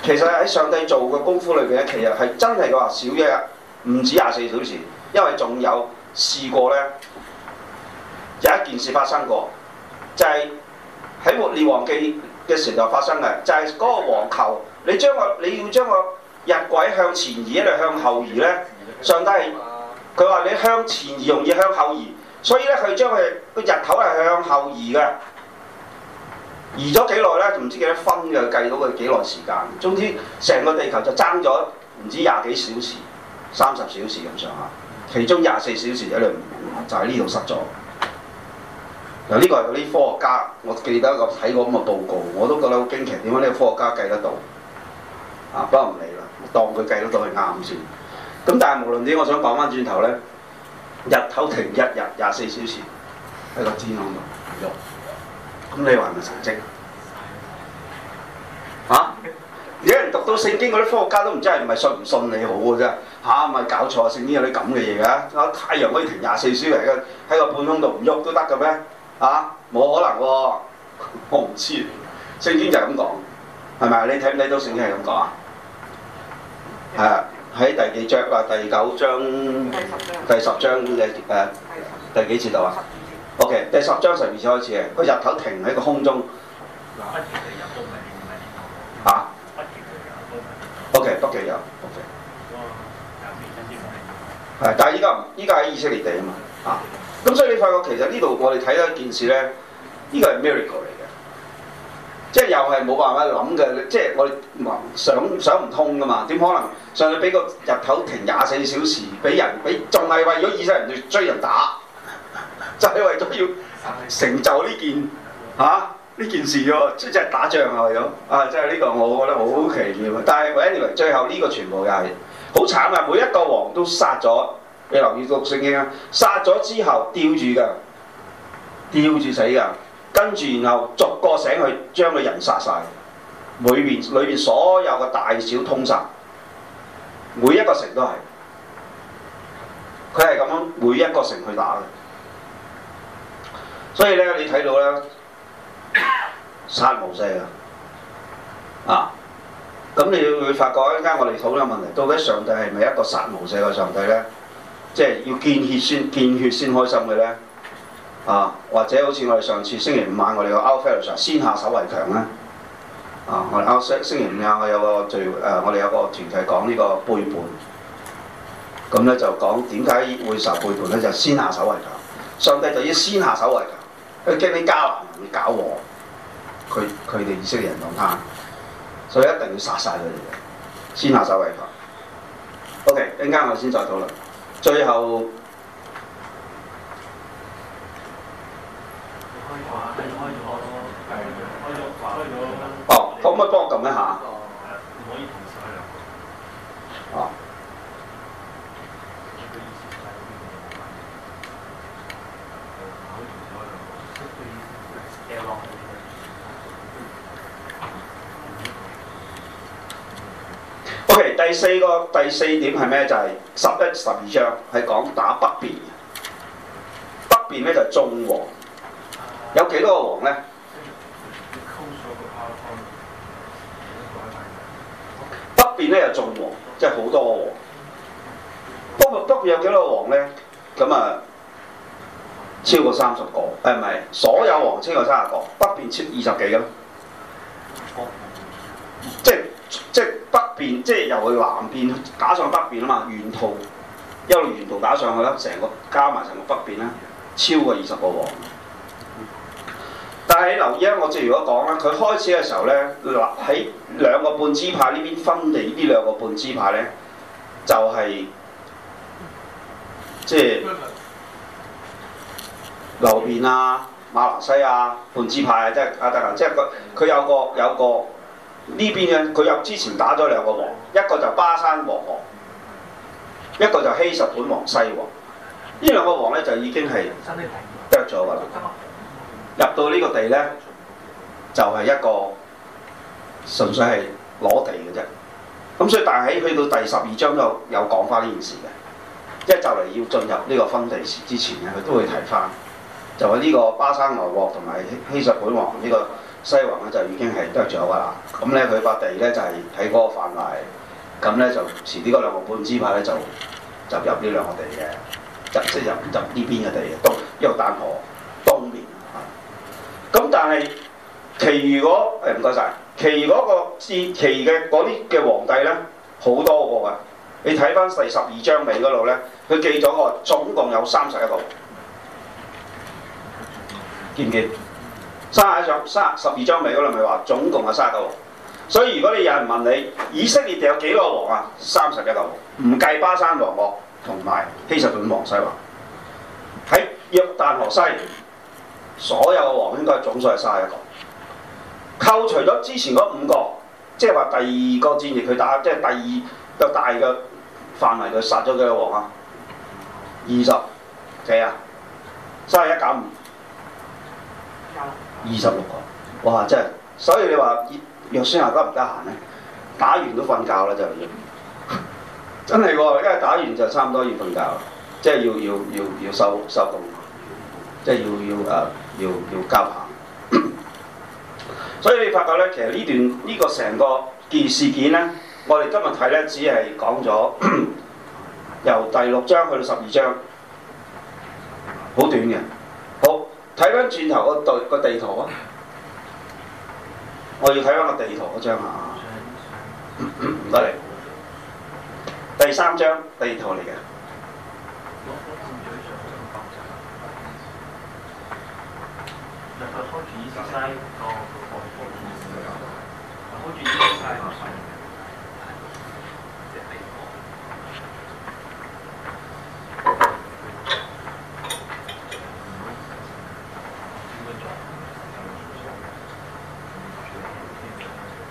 其實喺上帝做嘅功夫裏邊咧，其實係真係嘅話少一日唔止廿四小時，因為仲有試過咧，有一件事發生過，就係喺《活列王記》嘅時代發生嘅，就係、是、嗰個黃球，你將個你要將個日晷向前移一定向後移咧？上帝佢話你向前移容易向後移，所以呢，佢將佢日頭係向後移嘅，移咗幾耐呢？就唔知幾多分嘅計到佢幾耐時間。總之成個地球就爭咗唔知廿幾小時、三十小時咁上下，其中廿四小時有兩就喺呢度失咗。嗱、這、呢個係啲科學家，我記得我睇過咁嘅報告，我都覺得好驚奇。點解呢個科學家計得到？啊、不過唔理啦，當佢計得到係啱先。咁但係無論點，我想講翻轉頭呢，日頭停一日廿四小時喺個天空度唔喐，咁你話係咪神蹟？嚇、啊！你而家讀到聖經嗰啲科學家都唔知係咪信唔信你好嘅啫。嚇、啊，咪搞錯聖經有啲咁嘅嘢嘅。太陽可以停廿四小時喺個半空度唔喐都得嘅咩？嚇、啊，冇可能喎！ 我唔知，聖經就係咁講，係咪？你睇唔睇到聖經係咁講啊？係啊、嗯。喺第幾章啊？第九章、第十章嘅，誒，第幾節度啊？O K，第十章，第第十，章十二節開始嘅，佢日頭停喺個空中。啊，O K，北極有，O K。係，但係依家唔，依家喺以色列地啊嘛。啊，咁所以你發覺其實呢度我哋睇到一件事咧，呢、呢個係 miracle 嚟。即係又係冇辦法諗嘅，即係我哋想想唔通噶嘛？點可能？上去畀個日頭停廿四小時，畀人俾仲係為咗以色列人嚟追人打，就係、是、為咗要成就呢件嚇呢、啊、件事喎、啊！即係打仗係、啊、咯，啊！即係呢個我覺得好奇妙。但係，anyway，最後呢個全部又係好慘噶，每一個王都殺咗。你留意個錄聲先啊！殺咗之後吊住㗎，吊住死㗎。跟住，然後逐個醒去將，將佢人殺晒。裏面裏邊所有嘅大小通殺，每一個城都係，佢係咁樣每一個城去打嘅。所以呢，你睇到呢，殺無赦嘅，啊，咁你要會發覺咧，依家我哋討論問題，到底上帝係咪一個殺無赦嘅上帝呢？即係要見血先，見血先開心嘅呢。啊，或者好似我哋上次星期五晚我哋個 Out Fellowship 先下手為強咧，啊，我哋星星期五啊、呃，我有個聚，誒，我哋有個團體講呢個背叛，咁咧就講點解會受背叛咧，就是、先下手為強，上帝就要先下手為強，因為驚啲迦南人搞禍，佢佢哋以色列人當貪，所以一定要殺晒佢哋，先下手為強。OK，一陣間我先再討論，最後。哦，可唔可以幫我撳一下啊？哦。OK，第四個第四點係咩？就係、是、十一、十二章係講打北邊，北邊呢就中和。有幾多個王咧？北邊咧有眾王，即係好多王。不過北邊有幾多個王咧？咁啊，超過三十個。誒，唔係，所有王超過三十個，北邊超二十幾啦。即係即係北邊，即係由佢南邊打上北邊啊嘛。沿途一路沿途打上去啦，成個加埋成個北邊啦，超過二十個王。但係你留意啊，我即係如果講啦，佢開始嘅時候咧，立喺兩個半支派呢邊分地呢兩個半支派咧，就係、是、即係流便啊、瑪拿西、啊、半支派啊，即係阿德勤，即係佢佢有個有個邊呢邊嘅佢又之前打咗兩個王，一個就巴山王王，一個就希實本王西王，呢兩個王咧就已經係得咗㗎啦。入到呢個地呢，就係、是、一個純粹係攞地嘅啫。咁所以，但係喺去到第十二章都有講翻呢件事嘅，即係就嚟要進入呢個分地時之前呢，佢都會提翻。就喺呢個巴山奈國同埋希實本王呢、這個西宏呢就已經係得咗噶啦。咁呢，佢塊地呢就係喺嗰個範圍，咁呢，就遲啲嗰兩個半支派呢，就兩就，就入呢兩個地嘅，即係入入呢邊嘅地嘅，一、這、休、個、丹河。咁但係其餘誒唔該晒，其餘嗰個時期嘅嗰啲嘅皇帝咧，好多個㗎。你睇翻第十二章尾嗰度咧，佢記咗個總共有三十一個，記唔記得？啊上三十二章尾嗰度咪話總共有係卅個王？所以如果你有人問你以色列地有幾多個王啊？三十一個王，唔計巴珊王國同埋希實本王西華喺約旦河西。所有嘅王應該總數係卅一個，扣除咗之前嗰五個，即係話第二個戰役佢打，即係第二個大嘅範圍佢殺咗幾多個王啊？二十幾啊？三十一減五，二十六個。哇！真係，所以你話約書亞得唔得閒呢？打完都瞓覺啦，真係，真係喎！一打完就差唔多要瞓覺，即係要要要要收收工。即係要要誒、啊、要要交下， 所以你發覺呢，其實呢段呢、呢個成個件事件呢，我哋今日睇呢，只係講咗由第六章去到十二章，好短嘅。好，睇翻轉頭個地個地圖啊！我要睇翻個地圖嗰張啊，唔 該你，第三張地圖嚟嘅。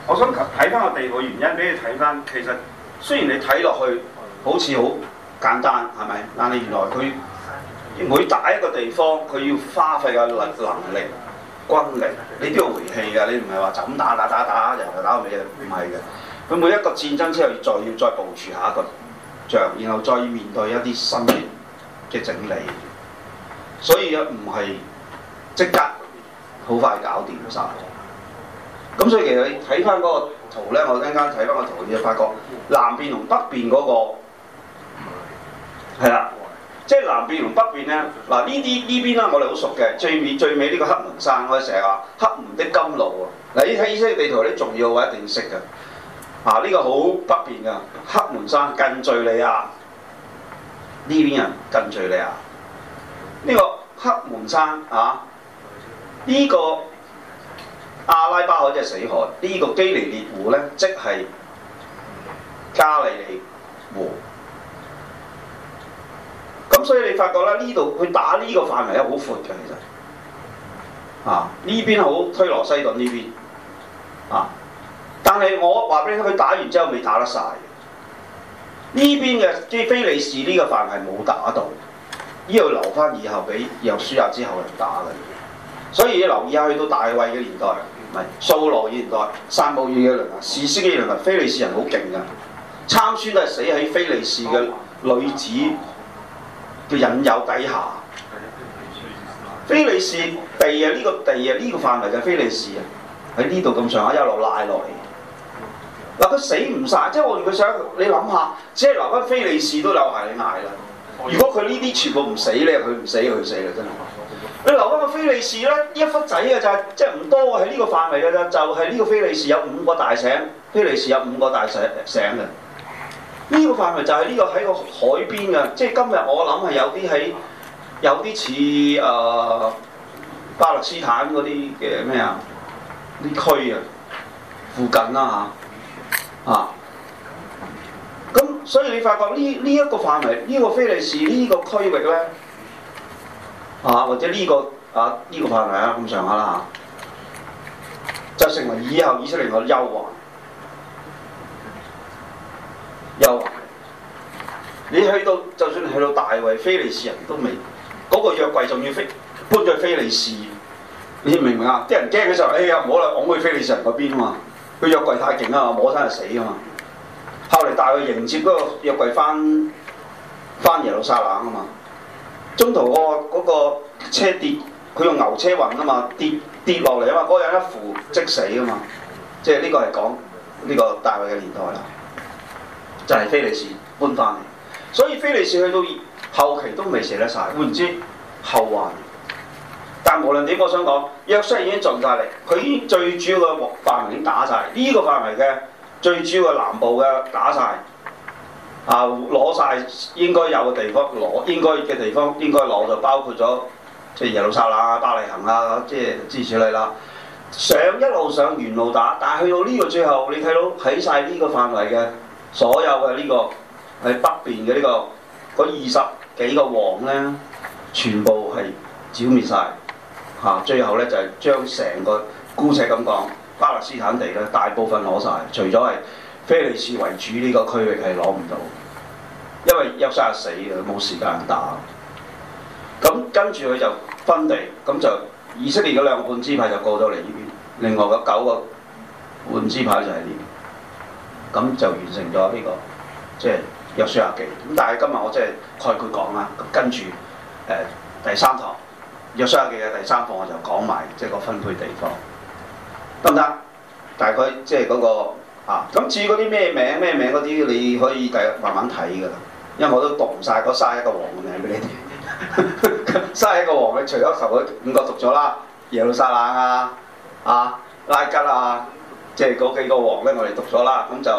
我想睇翻個地原因俾你睇翻，其實雖然你睇落去好似好簡單，係咪？但係原來佢。每打一個地方，佢要花費嘅能能力、軍力，你都要回氣㗎。你唔係話就咁打打打打，又打到你唔係嘅。佢每一個戰爭之後，要再要再部署下一個仗，然後再要面對一啲新嘅整理。所以又唔係即刻好快搞掂晒。咁所以其實你睇翻嗰個圖咧，我陣間睇翻個圖，你就發覺南邊同北邊嗰個係啦。即係南邊同北邊咧，嗱呢啲呢邊啦，邊我哋好熟嘅，最遠最尾呢個黑門山，我哋成日話黑門的甘露喎。嗱，你睇依張地圖，啲重要位一定要識嘅。嗱，啊，呢個好北邊嘅黑門山近敍利亞，呢邊人近敍利亞。呢個黑門山啊，呢個阿拉巴海即係死海，呢個基尼列湖咧即係加利利湖。咁所以你發覺啦，呢度佢打呢個範圍咧好闊嘅，其實啊，呢邊好推羅西頓呢邊啊，但係我話俾你聽，佢打完之後未打得晒。呢邊嘅即係非利士呢個範圍冇打到，呢度留翻以後俾約書亞之後嚟打嘅。所以你留意下去到大衛嘅年代，唔係掃羅年代、撒母耳嘅年代、士師嘅年代、非利士人好勁嘅，參孫都係死喺非利士嘅女子。叫引誘底下，非利士地啊！呢、這個地啊！呢、這個範圍就係非利士啊！喺呢度咁上下一路拉落嚟，嗱、啊，佢死唔晒，即係我哋佢想你諗下，只係留翻非利士都有排你捱啦。如果佢呢啲全部唔死咧，佢唔死佢死啦，真係你留翻個非利士呢，一忽仔呀就係，即係唔多喺呢個範圍嘅啫，就係、是、呢個非利士有五個大城，非利士有五個大城。城嘅。呢個範圍就係呢個喺個海邊嘅，即係今日我諗係有啲喺有啲似誒巴勒斯坦嗰啲嘅咩啊？啲區啊，附近啦吓啊。咁所以你發覺呢呢一個範圍呢、呢個非利士呢個區域咧啊或者呢、呢個啊呢、呢個範圍啊咁上下啦吓就是、成為以後以色列嘅憂患。又，你去到就算去到大衛，非利士人都未，嗰個約櫃仲要飛搬咗去非利士，你明唔明啊？啲人驚嘅時候，哎呀唔好啦，我去非利士人嗰邊啊嘛，佢約櫃太勁啊，摸親就死啊嘛。後嚟大衛迎接嗰個約櫃翻翻耶路撒冷啊嘛。中途個嗰個車跌，佢用牛車運啊嘛，跌跌落嚟啊嘛，嗰個人一扶即死啊嘛。即係呢個係講呢個大衛嘅年代啦。就係非利士搬翻嚟，所以非利士去到後期都未射得晒，換唔知後患。但無論點，我想講約瑟已經盡晒力，佢最主要嘅範圍已經打晒。呢個範圍嘅最主要嘅南部嘅打晒，啊攞晒應該有嘅地方攞，應該嘅地方應該攞就包括咗即係耶路撒冷啊、巴黎行啊，即係諸如此類啦。上一路上沿路打，但係去到呢個最後，你睇到喺晒呢個範圍嘅。所有嘅呢、這個喺北邊嘅呢個二十幾個王呢，全部係剿滅晒。嚇、啊。最後呢，就係將成個姑且咁講巴勒斯坦地咧，大部分攞晒，除咗係菲利士為主呢、這個區域係攞唔到，因為休曬死嘅，冇時間打。咁、啊、跟住佢就分地，咁就以色列嗰兩個半支派就過咗嚟呢邊，另外嘅九個半支派就係呢邊。咁就完成咗呢個即係約書亞記咁，但係今日我即係概括講啦。跟住第三堂約書亞記嘅第三堂，我就講埋即係個分配地方得唔得？大概即係嗰個啊。咁至於嗰啲咩名咩名嗰啲，你可以第日慢慢睇㗎啦，因為我都讀唔晒嗰卅一個王嘅名俾你哋。卅一個王，你除咗頭嗰五個讀咗啦，耶路撒冷啊，啊拉吉啊。即係嗰幾個王咧，我哋讀咗啦，咁就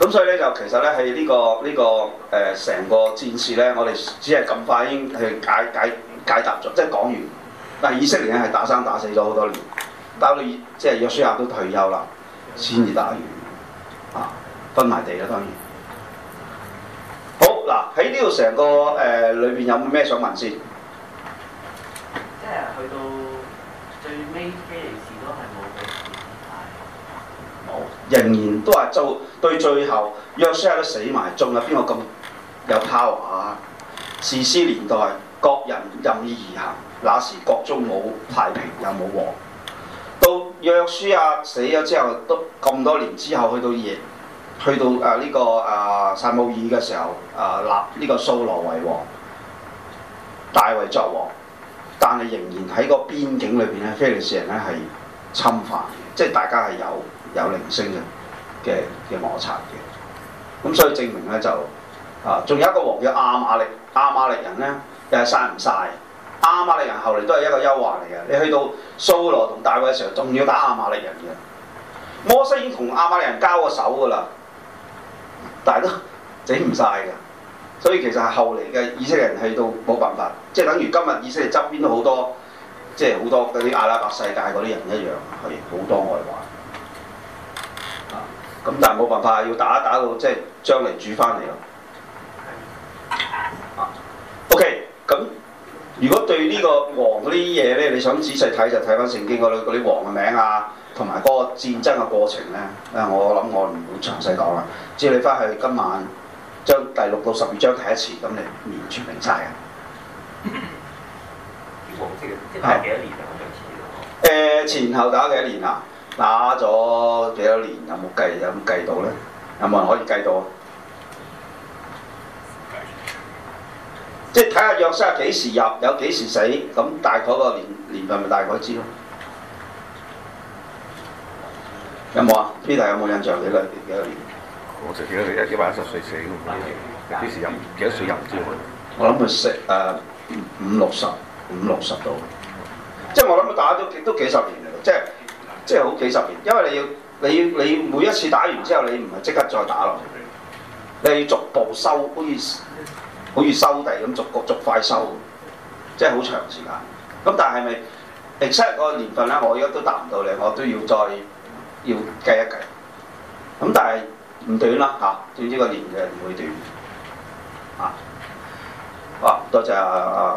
咁 所以咧，就其實咧喺呢、這個呢、這個誒成、呃、個戰事咧，我哋只係咁快已經去解解解答咗，即係講完。但係以色列咧係打生打死咗好多年，打到即係約書亞都退休啦，先至打完啊，分埋地啦，當然。好嗱，喺呢度成個誒裏邊有冇咩想問先？即係去到最尾仍然都係做對，最後約書亞都死埋，仲有邊個咁有 power 啊？士師年代，各人任意而行，那時國中冇太平，又冇王。到約書亞、啊、死咗之後，都咁多年之後，去到去到誒呢、啊，這個誒撒母耳嘅時候，誒、啊、立呢、這個掃羅為王，大衛作王，但係仍然喺個邊境裏邊呢非利士人呢係侵犯，即係大家係有有零星嘅嘅嘅摩擦嘅，咁所以證明呢，就啊，仲有一個王叫亞瑪力，亞瑪力人呢，又係殺唔晒。亞瑪力人，後嚟都係一個優化嚟嘅。你去到蘇羅同大衛嘅時候，仲要打亞瑪力人嘅，摩西已經同亞瑪力人交過手噶啦，但係都整唔晒㗎，所以其實係後嚟嘅以色列人去到冇辦法，即係等於今日以色列側邊都好多。即係好多嗰啲阿拉伯世界嗰啲人一樣，係好多外患。咁但係冇辦法，要打一打到即係將嚟煮翻嚟咯。OK，咁如果對呢個王嗰啲嘢呢，你想仔細睇就睇翻聖經嗰啲王嘅名啊，同埋嗰個戰爭嘅過程呢。我諗我唔會詳細講啦。只要你翻去今晚將第六到十二章睇一次，咁你完全明晒。即係幾多年，誒，前後打幾多年啊？打咗幾多年，有冇計，有冇計到呢？有冇人可以計到啊？即係睇下約生啊幾時入，有幾時，時死，咁大概個年年代咪大概知咯？嗯、有冇啊？呢度有冇印象幾多幾多年？我食幾多年？一百一十歲死，幾時入？幾多歲入唔知，我諗佢四，誒，五,五六,十六十。五六十度，即係我諗，佢打咗都幾十年嚟，即係即係好幾十年，因為你要你你每一次打完之後，你唔係即刻再打落去。你要逐步收，好似好似收地咁，逐逐快收，即係好長時間。咁但係咪？exact 個年份咧，我而家都答唔到你，我都要再要計一計。咁但係唔短啦，嚇、啊，短呢個年嘅唔會短。啊，好，多謝阿、啊、阿。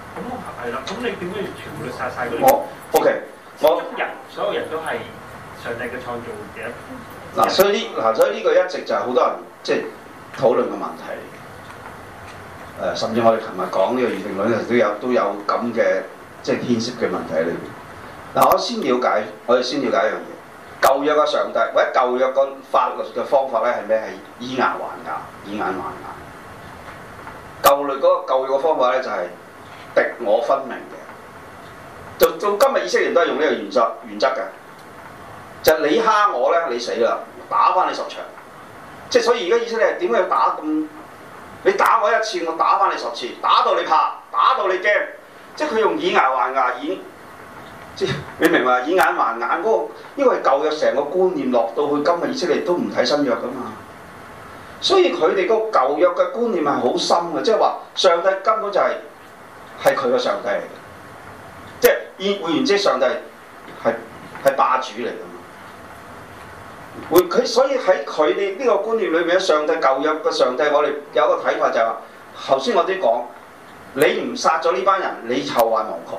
係咯，咁你點解要全部殺晒？都、okay, 我？我 OK，我人所有人都係上帝嘅創造者。嗱、啊，所以嗱、啊，所以呢個一直就係好多人即係、就是、討論嘅問題。誒、啊，甚至我哋琴日講呢個預定論咧，都有都有咁嘅即係牽涉嘅問題裏邊。嗱、啊，我先瞭解，我哋先瞭解一樣嘢。舊約嘅上帝或者舊約個法律嘅方法咧係咩？係以牙還牙，以眼還眼。舊律嗰個舊約嘅方法咧就係、是。敵我分明嘅，就到今日以色列都係用呢個原則原則嘅，就是、你蝦我呢，你死啦，打翻你十場，即係所以而家以色列點解要打咁？你打我一次，我打翻你十次，打到你怕，打到你驚，即係佢用以牙還牙，以，即係你明嘛，以眼還眼嗰個，因為舊約成個觀念落到去今日以色列都唔睇新約噶嘛，所以佢哋個舊約嘅觀念係好深嘅，即係話上帝根本就係、是。係佢個上帝嚟嘅，即係換言之，上帝係係霸主嚟㗎嘛。會佢所以喺佢哋呢個觀念裏面，上帝舊約嘅上帝，我哋有一個睇法就係、是、話，頭先我都講，你唔殺咗呢班人，你後患無窮。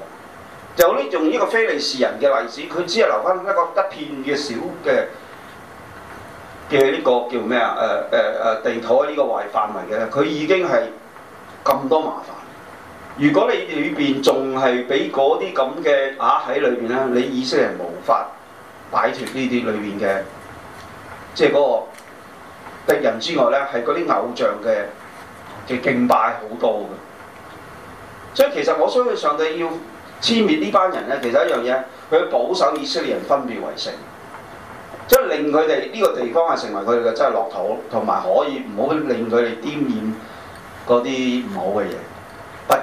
就呢，用呢個非利士人嘅例子，佢只係留翻一個一片嘅小嘅嘅呢個叫咩啊？誒誒誒地台呢、這個壞範圍嘅，佢已經係咁多麻煩。如果你裏面仲係俾嗰啲咁嘅啊喺裏面呢，呢你以色列人無法擺脫呢啲裏面嘅，即係嗰個敵人之外呢係嗰啲偶像嘅嘅敬拜好多嘅。所以其實我相信上帝要殲滅呢班人呢，其實一樣嘢，佢保守以色列人分別為聖，即係令佢哋呢個地方係成為佢哋嘅真係樂土，同埋可以唔好令佢哋沾染嗰啲唔好嘅嘢。不潔，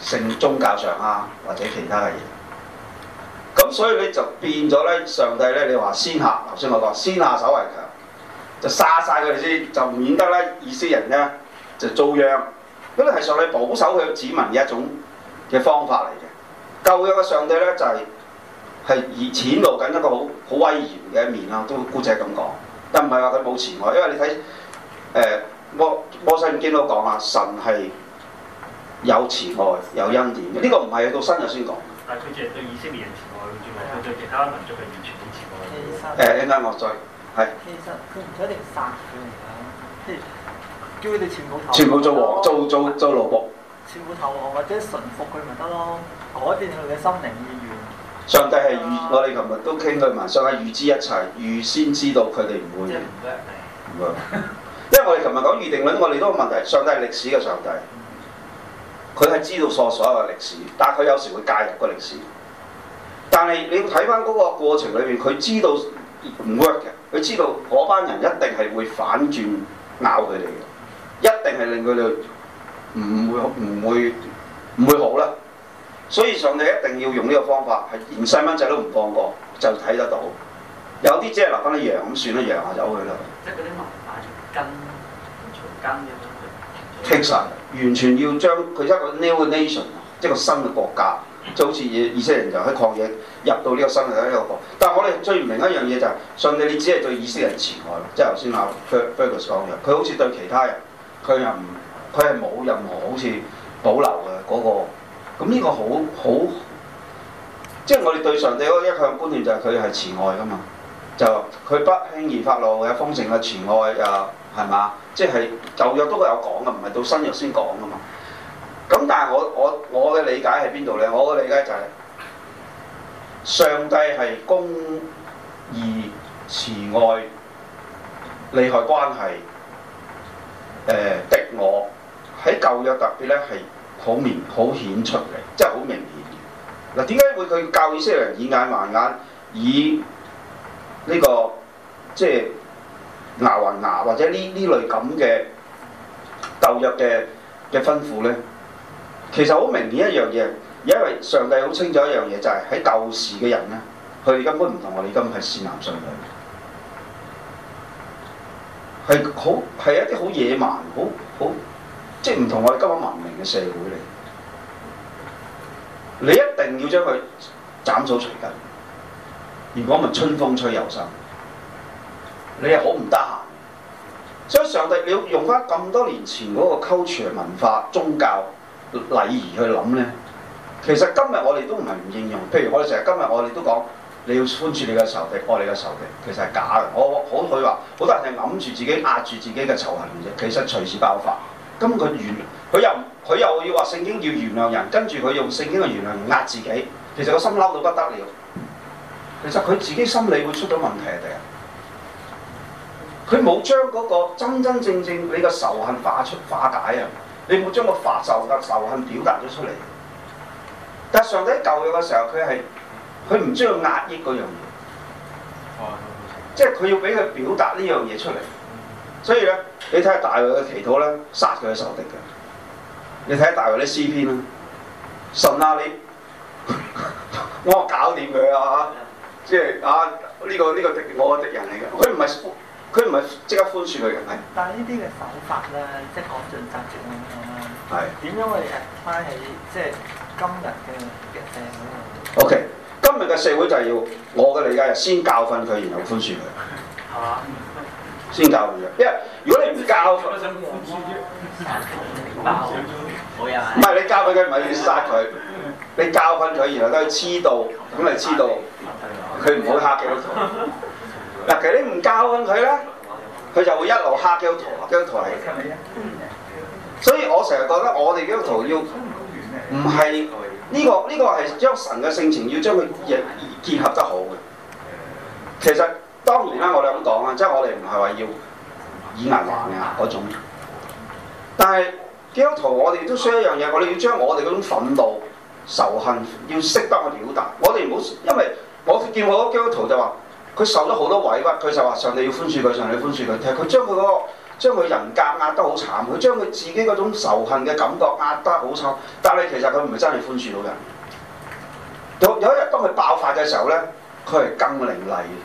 聖宗教上啊，或者其他嘅嘢，咁所以你就變咗咧，上帝咧，你話先下，頭先我講先下手為強，就殺晒佢哋先，就免得咧以色列人呢。人咧就遭殃。咁咧係上帝保守佢子民嘅一種嘅方法嚟嘅。舊約嘅上帝咧就係係而展露緊一個好好威嚴嘅一面啦，都姑且咁講，但唔係話佢冇慈愛，因為你睇誒、呃、摩摩西經都講啦，神係。有慈愛有恩典呢、呢個唔係到新日先講。但係佢淨係對以色列人慈愛，佢要係對其他民族係完全冇慈愛嘅。誒實，一陣我再係。其實佢唔一定殺佢哋啊，叫佢哋全部投。全部做王，做做做羅卜。是全部投降或者臣服佢咪得咯？改變佢嘅心靈意願的。上帝係預，我哋琴日都傾佢埋。上帝預知一切，預先知道佢哋唔會。即係咩？因為我哋琴日講預定論，我哋都有個問題。上帝係歷史嘅上帝。佢係知道咗所有嘅歷史，但係佢有時會介入個歷史。但係你要睇翻嗰個過程裏邊，佢知道唔 work 嘅，佢知道嗰班人一定係會反轉咬佢哋嘅，一定係令佢哋唔會唔會唔會好啦。所以上帝一定要用呢個方法，係連細蚊仔都唔放過，就睇得到。有啲即係留翻啲羊咁，算啦，羊下走去啦。即係嗰啲文化根、傳統根完全要將佢一個 new nation，即係個新嘅國家，即係好似以色列人就喺曠野入到呢個新嘅一個國。但係我哋最唔明一樣嘢就係上帝，你只係對以色列人慈愛，即係頭先阿 Fergus 講嘅，佢好似對其他人，佢又唔，佢係冇任何好似保留嘅嗰個。咁呢個好好，即係我哋對上帝嗰個一向觀念就係佢係慈愛㗎嘛。就佢不輕易發怒，有豐盛嘅慈愛又。係嘛？即係舊約都佢有講嘅，唔係到新約先講嘅嘛。咁但係我我我嘅理解係邊度呢？我嘅理解就係、係、上帝係公義慈愛利害關係誒敵、呃、我喺舊約特別呢，係好明好顯出嚟，即係好明顯。嗱，點解會佢教以色列人以眼還眼以呢、呢個即係？牙還牙或者呢呢類咁嘅舊約嘅嘅吩咐呢，其實好明顯一樣嘢，因為上帝好清楚一樣嘢，就係喺舊時嘅人呢，佢根本唔同我哋今係善男信女，係好係一啲好野蠻，好好即係唔同我哋今日文明嘅社會嚟。你一定要將佢斬草除根，如果唔係春風吹又生。你係好唔得閒，所以上帝你要用翻咁多年前嗰個 culture 文化、宗教、禮儀去諗呢？其實今日我哋都唔係唔應用。譬如我哋成日今日我哋都講你要寬恕你嘅仇敵，愛你嘅仇敵，其實係假嘅。我好佢話，好多人係諗住自己壓住自己嘅仇恨啫，其實隨時爆發。咁佢原佢又佢又要話聖經要原諒人，跟住佢用聖經嘅原諒人壓自己，其實個心嬲到不得了。其實佢自己心理會出到問題嘅。佢冇將嗰個真真正正你個仇恨化出化解啊！你冇將個發仇嘅仇恨表達咗出嚟。但係上帝救我嘅時候，佢係佢唔將壓抑嗰樣嘢，即係佢要俾佢表達呢樣嘢出嚟。所以咧，你睇下大衛嘅祈禱咧，殺佢嘅仇敵嘅。你睇下大衛啲詩篇、 哦、啊，神啊你、這個這個這個，我搞掂佢啊！即係啊呢個呢個敵我嘅敵人嚟嘅，佢唔係。佢唔係即刻寬恕佢嘅，係。但係呢啲嘅手法咧，即係講盡責任咁樣啦。係是。點樣去入翻起？即、就、係、是、今日嘅誒？O K，今日嘅社會就係要我嘅理解，先教訓佢，然後寬恕佢，係、啊、先教訓，因為如果你唔教佢，唔係你教佢嘅，唔係要殺佢，你教，啊、你教訓佢，然後佢知道，咁咪知道，佢唔好嚇嘅。嗱，其實你唔教訓佢咧，佢就會一路蝦基督徒。基督徒係。嗯。所以我成日覺得我哋基督徒要唔係呢個呢、這個係將神嘅性情要將佢亦結合得好嘅。其實當然啦，我哋咁講啊，即係我哋唔係話要以牙還牙嗰種。但係基督徒我哋都需要一樣嘢，我哋要將我哋嗰種憤怒、仇恨要識得去表達。我哋唔好因為我見我個基督徒就話。佢受咗好多委屈，佢就話上帝要寬恕佢，上帝要寬恕佢。其實佢將佢嗰個將佢人格壓得好慘，佢將佢自己嗰種仇恨嘅感覺壓得好慘。但係其實佢唔係真係寬恕到嘅。有有一日當佢爆發嘅時候呢，佢係更凌厲嘅。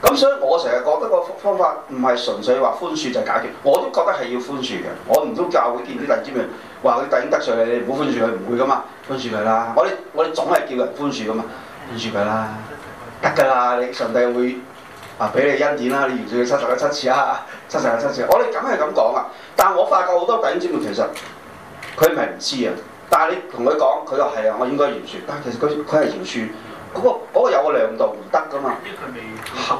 咁所以，我成日覺得個方法唔係純粹話寬恕就解決。我都覺得係要寬恕嘅。我唔通教佢見啲例子咩？話佢頂得上你，你唔好寬恕佢，唔會噶嘛，寬恕佢啦。我哋我哋總係叫人寬恕噶嘛。諗住佢啦，得㗎啦！你上帝會啊俾你恩典啦，你完恕佢七十一七次啊，七十一七次，我哋梗係咁講啊。但係我發覺好多弟兄姊妹其實佢唔係唔知啊？但係你同佢講，佢話係啊，我應該完恕。但係其實佢佢係完恕，嗰、嗰個嗰個有個量度唔得㗎嘛。即係佢未，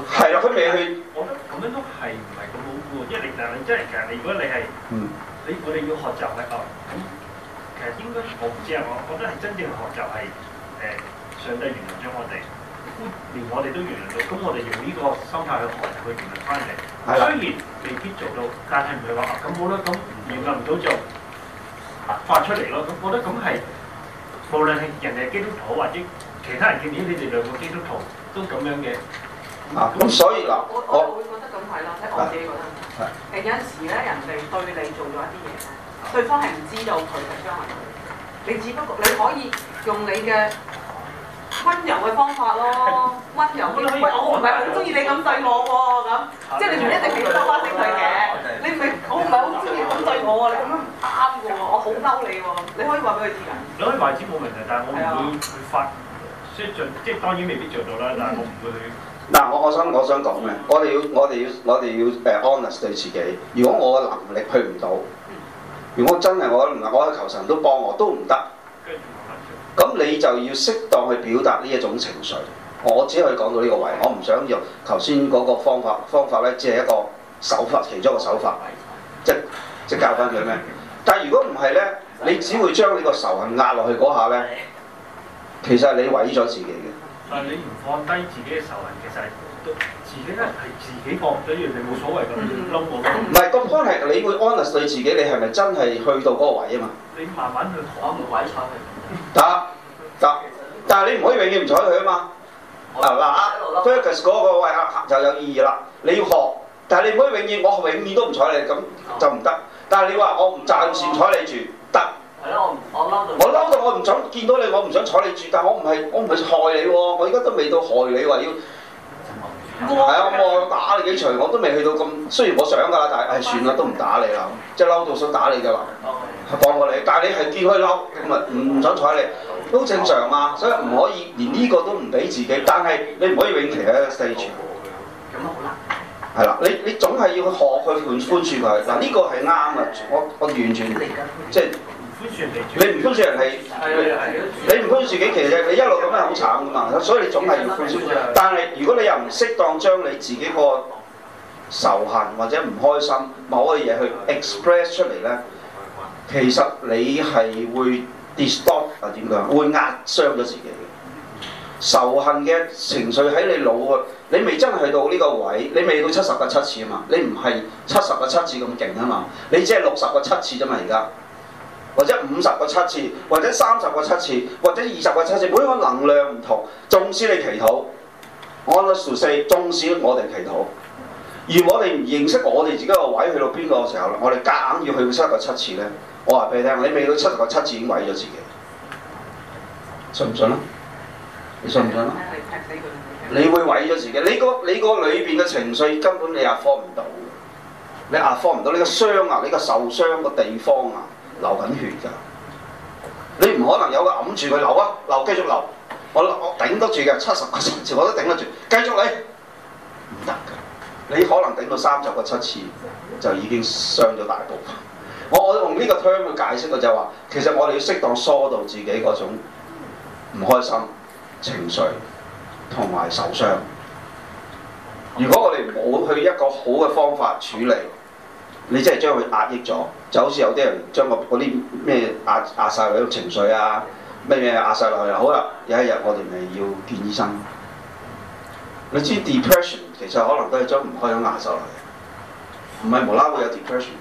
係啦，佢未去。我覺得咁樣都係唔係咁好喎，因為你但係，你真係其實你如果你係，嗯，你我哋要學習咧哦。咁其實應該，我唔知啊，我覺得係真正嘅學習係上帝原諒咗我哋，連我哋都原諒到，咁、嗯嗯嗯嗯嗯、我哋用呢個心態去學去原諒翻嚟。啊、雖然未必做到，但係唔係話啊咁好啦，咁原諒唔到就發出嚟咯。咁覺得咁係，無論係人係基督徒或者其他人見到你哋兩個基督徒都咁樣嘅。嗱、嗯，咁、啊、所以嗱，啊、我我，我，我會覺得咁係啦，喺是、啊、我自己覺得係。有陣時咧，人哋對你做咗一啲嘢咧，對方係唔知道佢係傷害到你，你只不過你可以用你嘅。 溫柔嘅方法咯，溫柔。喂，我唔係好中意你咁對我喎，咁即係你唔一定幾收翻啲佢嘅，你唔係我唔係好中意咁對我啊，你咁樣唔啱嘅喎，我好嬲你喎，你可以話俾佢知㗎。你可以話之冇問題，但係我唔會去發，所以即係當然未必做到啦，但係我唔會。嗱，我我想我想講嘅，我哋要我哋要我哋要誒 honest 對自己。如果我嘅能力去唔到，如果真係我唔係我求神都幫我都唔得。咁你就要適當去表達呢一種情緒。我只可以講到呢個位，我唔想用頭先嗰個方法方法咧，只係一個手法，其中一個手法，即即教翻佢咩？但係如果唔係咧，你只會將你個仇恨壓落去嗰下咧，其實你毀咗自己嘅。但係你唔放低自己嘅仇恨，其實係自己咧係自己覺得完嘢冇所謂咁樣嬲我、啊。唔係個 point 係，你會 honest 你自己，你係咪真係去到嗰個位啊嘛？你慢慢去學一個位得得，但係你唔可以永遠唔睬佢啊嘛。啊嗱啊，focus 嗰個位啊就有意義啦。你要學，但係你唔可以永遠，我永遠都唔睬你，咁就唔得。但係你話我唔、嗯、暫時睬你住，得。係咯、嗯，我我嬲到、啊、我嬲到我唔想見到你，我唔想睬你住，但係我唔係我唔係害你喎，我而家都未到害你話要。係啊， 我打你幾場，我都未去到咁。雖然我想噶啦，但係、哎、算啦，都唔打你啦，即係嬲到想打你噶啦，放過你。但係你係見佢嬲，唔係唔想睬你，都正常嘛。所以唔可以連呢個都唔俾自己。但係你唔可以永期喺度 stay 住。咁啊好啦，係 啦樂， 你你總係要去學去寬恕佢。嗱呢 個係啱啊！我我完全即係。你唔寬恕人哋，你唔寬恕自己，其實你一路咁樣好慘噶嘛。所以你總係要寬恕人。但係如果你又唔適當將你自己個仇恨或者唔開心某啲嘢去 express 出嚟咧，其實你係會 distort 啊點講？會壓傷咗自己嘅仇恨嘅情緒喺你腦啊。你未真係到呢個位，你未到七十個七次啊嘛。你唔係七十個七次咁勁啊嘛。你只係六十個七次啫嘛，而家。或者五十個七次，或者三十個七次，或者二十個七次，每一個能量唔同。縱使你祈禱，安樂死；縱使我哋祈禱，而我哋唔認識我哋自己個位去到邊個時候，我哋夾硬要去七十個七次呢。我話俾你，你聽，你未到七十個七次已經毀咗自己，信唔信啊？你信唔信啊？你會毀咗自己，你個你個裏邊嘅情緒根本你壓放唔到，你壓放唔到你個傷啊，你個受傷個地方啊！流緊血㗎，你唔可能有個揞住佢流啊，流繼續流，我我頂得住嘅，七十個七次我都頂得住，繼續嚟唔得㗎，你可能頂到三十個七次就已經傷咗大部分。我我用呢個 term 去解釋，就係話，其實我哋要適當疏導自己嗰種唔開心情緒同埋受傷。如果我哋冇去一個好嘅方法處理，你真係將佢壓抑咗。就好似有啲人將個嗰啲咩壓晒落嗰種情緒啊，咩咩壓晒落嚟，好啦，有一日我哋咪要見醫生。你知 depression 其實可能都係將唔開心壓晒落嚟，唔係無啦會有 depression，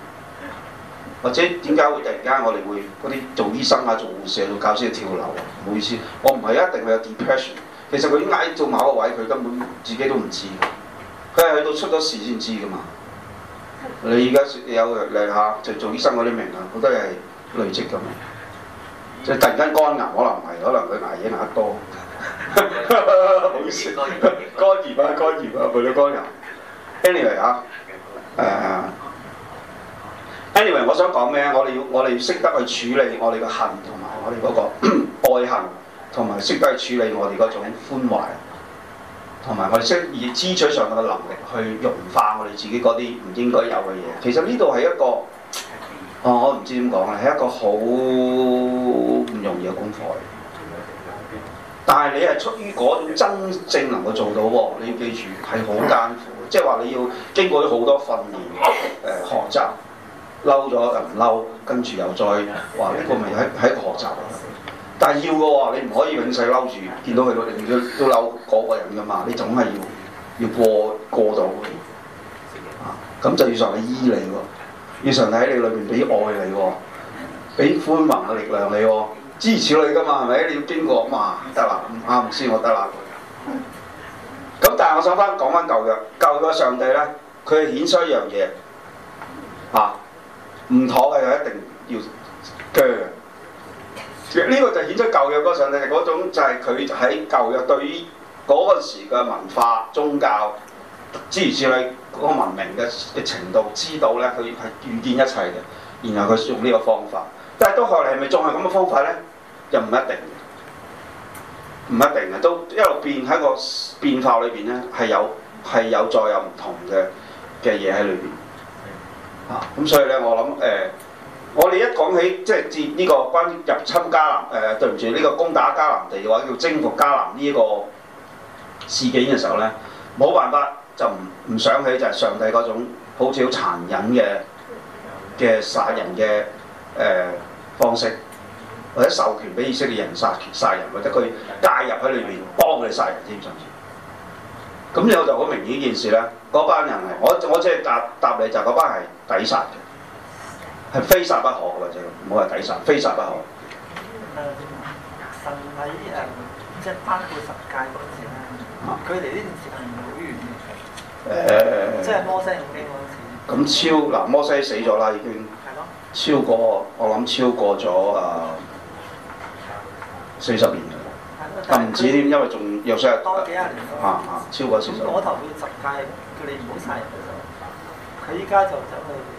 或者點解會突然間我哋會嗰啲做醫生啊、做護士做教師跳樓？唔好意思，我唔係一定會有 depression，其實佢挨做某個位，佢根本自己都唔知佢係去到出咗事先知噶嘛。你而家有你嚇，就做醫生嗰啲名啊，好多係累積咁。即係突然間肝癌可，可能唔係，可能佢捱夜捱得多。好笑，肝炎啊，肝炎啊，背咗肝癌。Anyway 啊誒。Anyway，我想講咩？我哋要我哋要識得去處理我哋嘅恨同埋我哋嗰、嗰個 愛恨，同埋識得去處理我哋嗰種歡懷。同埋我哋需以支取上嘅能力去融化我哋自己嗰啲唔應該有嘅嘢。其實呢度係一個，哦、我唔知點講嘅，係一個好唔容易嘅功課。但係你係出於嗰種真正能夠做到，你要記住係好艱苦，即係話你要經過咗好多訓練、誒、呃、學習，嬲咗又唔嬲，跟住又再話呢個咪係係一個學習。但係要嘅喎，你唔可以永世嬲住，見到佢裏邊都嬲都嬲嗰、嗰個人噶嘛，你總係要要過過到，啊，咁就要上帝醫你喎，要上帝喺、啊、你裏邊俾愛你喎，俾、啊、寬宏嘅力量你喎、啊，支持你噶嘛，係咪？你要堅強嘛，得、啊、啦，啱唔啱先，我得啦。咁但係我想翻講翻舊約，舊約上帝呢，佢顯出一樣嘢，啊，唔妥嘅就一定要鋸。呢個就顯出舊約嗰陣咧，嗰、就係、種就係佢喺舊約對於嗰陣時嘅文化、宗教、諸如此類嗰、嗰個文明嘅嘅程度，知道咧佢係預見一切嘅，然後佢用呢個方法。但係到後嚟係咪仲係咁嘅方法咧？又唔一定，唔一定嘅。都一路變喺個變化裏邊咧，係有係有，再有在有唔同嘅嘅嘢喺裏邊。咁所以咧，我諗誒。呃我哋一講起即係接呢個關於入侵迦南，誒、呃、對唔住呢個攻打迦南地嘅話，叫征服迦南呢一個事件嘅時候呢，冇辦法就唔唔想起就係上帝嗰種好似好殘忍嘅嘅殺人嘅誒、呃、方式，或者授權俾以色列人殺殺人，或者佢介入喺裏面幫佢哋殺人添甚至。咁你我就好明顯呢件事咧，嗰班人係我我即係答答你就嗰班係抵殺嘅。係非殺不可，或者我係抵殺，非殺不可。誒，神喺誒，即係包括十誡嗰陣時咧，佢哋呢段時間唔係好遠嘅。欸、即係摩西冇幾耐嗰咁超嗱，、啊、摩西死咗啦已經。係咯。超過我諗超過咗誒四十年㗎。嚇唔止添，因為仲有多幾廿年超過。咁嗰頭嘅十誡叫你唔好晒。佢依家就走去。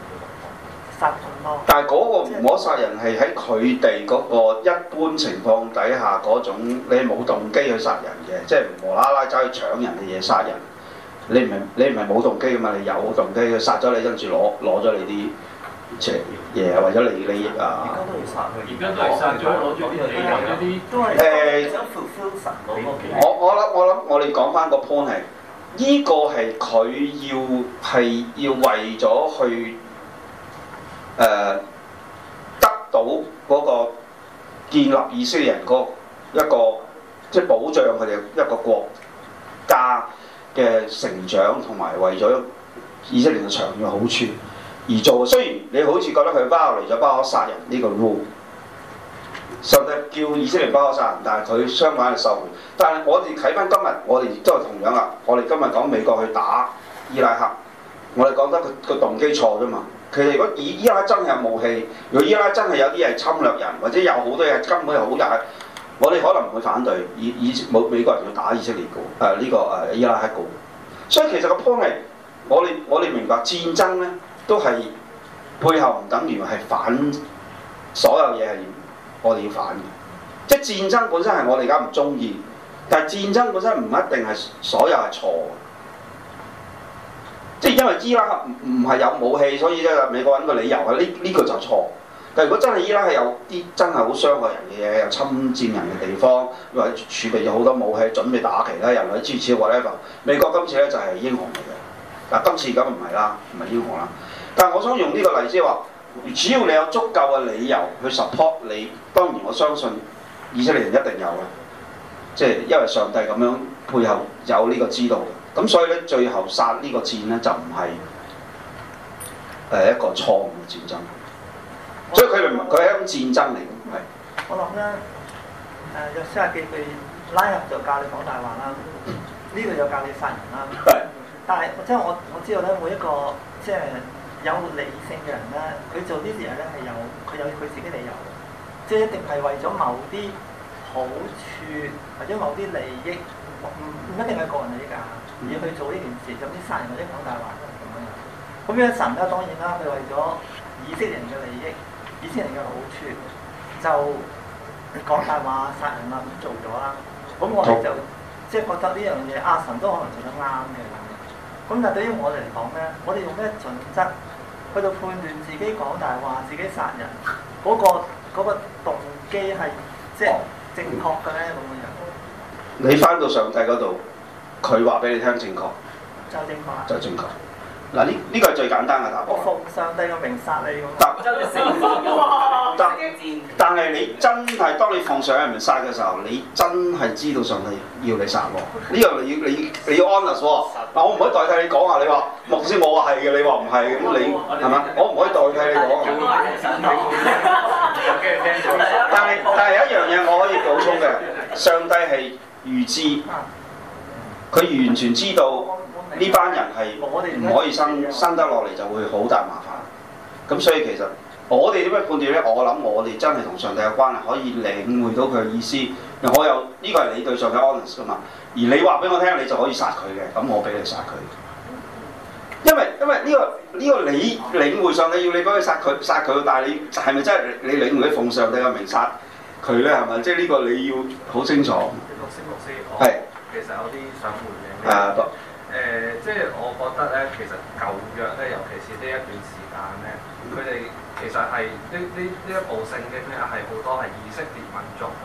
但係嗰個唔可殺人係喺佢哋嗰個一般情況底下嗰種，你冇動機去殺人嘅，即係無啦啦走去搶人嘅嘢殺人，你唔係你唔係冇動機噶嘛，你有動機，去殺咗你跟住攞攞咗你啲嘢，嘢或者你利益啊。而家都要殺佢，而家都係殺咗攞咗啲嘢啊！誒，我我諗我諗，我哋講翻個 point 係，呢個係佢要係要為咗去。誒得到嗰個建立以色列人個一個即係保障佢哋一個國家嘅成長，同埋為咗以色列人嘅長遠好處而做。雖然你好似覺得佢包離咗包可殺人呢個 rule，甚至叫以色列人包可殺人，但係佢相反係受。但係我哋睇翻今日，我哋亦都係同樣啊！我哋今日講美國去打伊拉克，我哋覺得佢個動機錯啫嘛。其實如果伊伊拉克真係有武器，如果伊拉克真係有啲係侵略人，或者有好多嘢根本又好曳，我哋可能唔會反對意意美美國人要打以色列，啊這個誒呢個誒伊拉克個。所以其實個 point，我哋我哋明白戰爭呢都係背後唔等於係反所有嘢係我哋要反嘅，即係戰爭本身係我哋而家唔中意，但係戰爭本身唔一定係所有係錯。即係因為伊拉克唔唔係有武器，所以咧，美國揾個理由啊！呢呢、呢個就錯。但係如果真係伊拉克有啲真係好傷害人嘅嘢，又侵占人嘅地方，或者儲備咗好多武器準備打其他人類諸如此類咧，就美國今次呢就係英雄嚟嘅。嗱，今次咁唔係啦，唔係英雄啦。但係我想用呢個例子係話，只要你有足夠嘅理由去 support 你，當然我相信以色列人一定有嘅。即係因為上帝咁樣配合，有呢個知道。咁所以咧，最後殺呢個戰咧，就唔係誒一個錯誤嘅戰爭。我所以佢哋佢係一種戰爭嚟嘅。我諗咧，誒若斯亞被被拉入就教你講大話啦，呢、嗯呢個就教你殺人啦。係是。但係即係我我知道咧，每一個即係、就是、有理性嘅人咧，佢做啲嘢咧係有佢有佢自己理由即係、就是、一定係為咗某啲好處或者某啲利益。唔一定係個人利益㗎，要去做呢件事，就唔知殺人或者講大話咁樣樣。咁樣神家當然啦，佢為咗以色列人嘅利益、以色列人嘅好處，就講大話、殺人啊咁做咗啦。咁我哋就即係覺得呢樣嘢，阿神都可能做得啱嘅咁樣。咁但係對於我嚟講咧，我哋用咩準則去到判斷自己講大話、自己殺人嗰個嗰個動機係即係正確嘅咧？咁樣樣。你翻到上帝嗰度，佢話俾你聽正確，就正確就正確。嗱呢呢個係最簡單嘅答案。我奉上帝嘅命殺你、那個、但係哇你真係當你奉上帝名殺嘅時候，你真係知道上帝要你殺我。呢樣要你你，你要 analyse 喎。嗱我唔可以代替你講啊！你話牧師，我話係嘅，你話唔係咁你係咪、嗯？我唔可以代替你講。但係但係有一樣嘢我可以補充嘅，上帝係預知佢完全知道呢班人係唔可以生 生得落嚟就會好大麻煩，咁所以其實我哋點樣判斷呢？我諗我哋真係同上帝有關係，可以領會到佢嘅意思。我有呢個係你對上帝嘅 honest 噶嘛？而你話俾我聽，你就可以殺佢嘅，咁我俾你殺佢。因為因為呢、這個呢、這個你領會上帝要你嗰個殺佢殺佢，但係你係咪真係你領會奉上帝嘅名殺佢呢？係咪？即係呢個你要好清楚。薛牧師，我其實有啲想回應你。誒、啊呃，即係我覺得咧，其實舊約咧，尤其是呢一段時間咧，佢哋其實係呢呢呢一部聖經咧，係好多係以色列民族去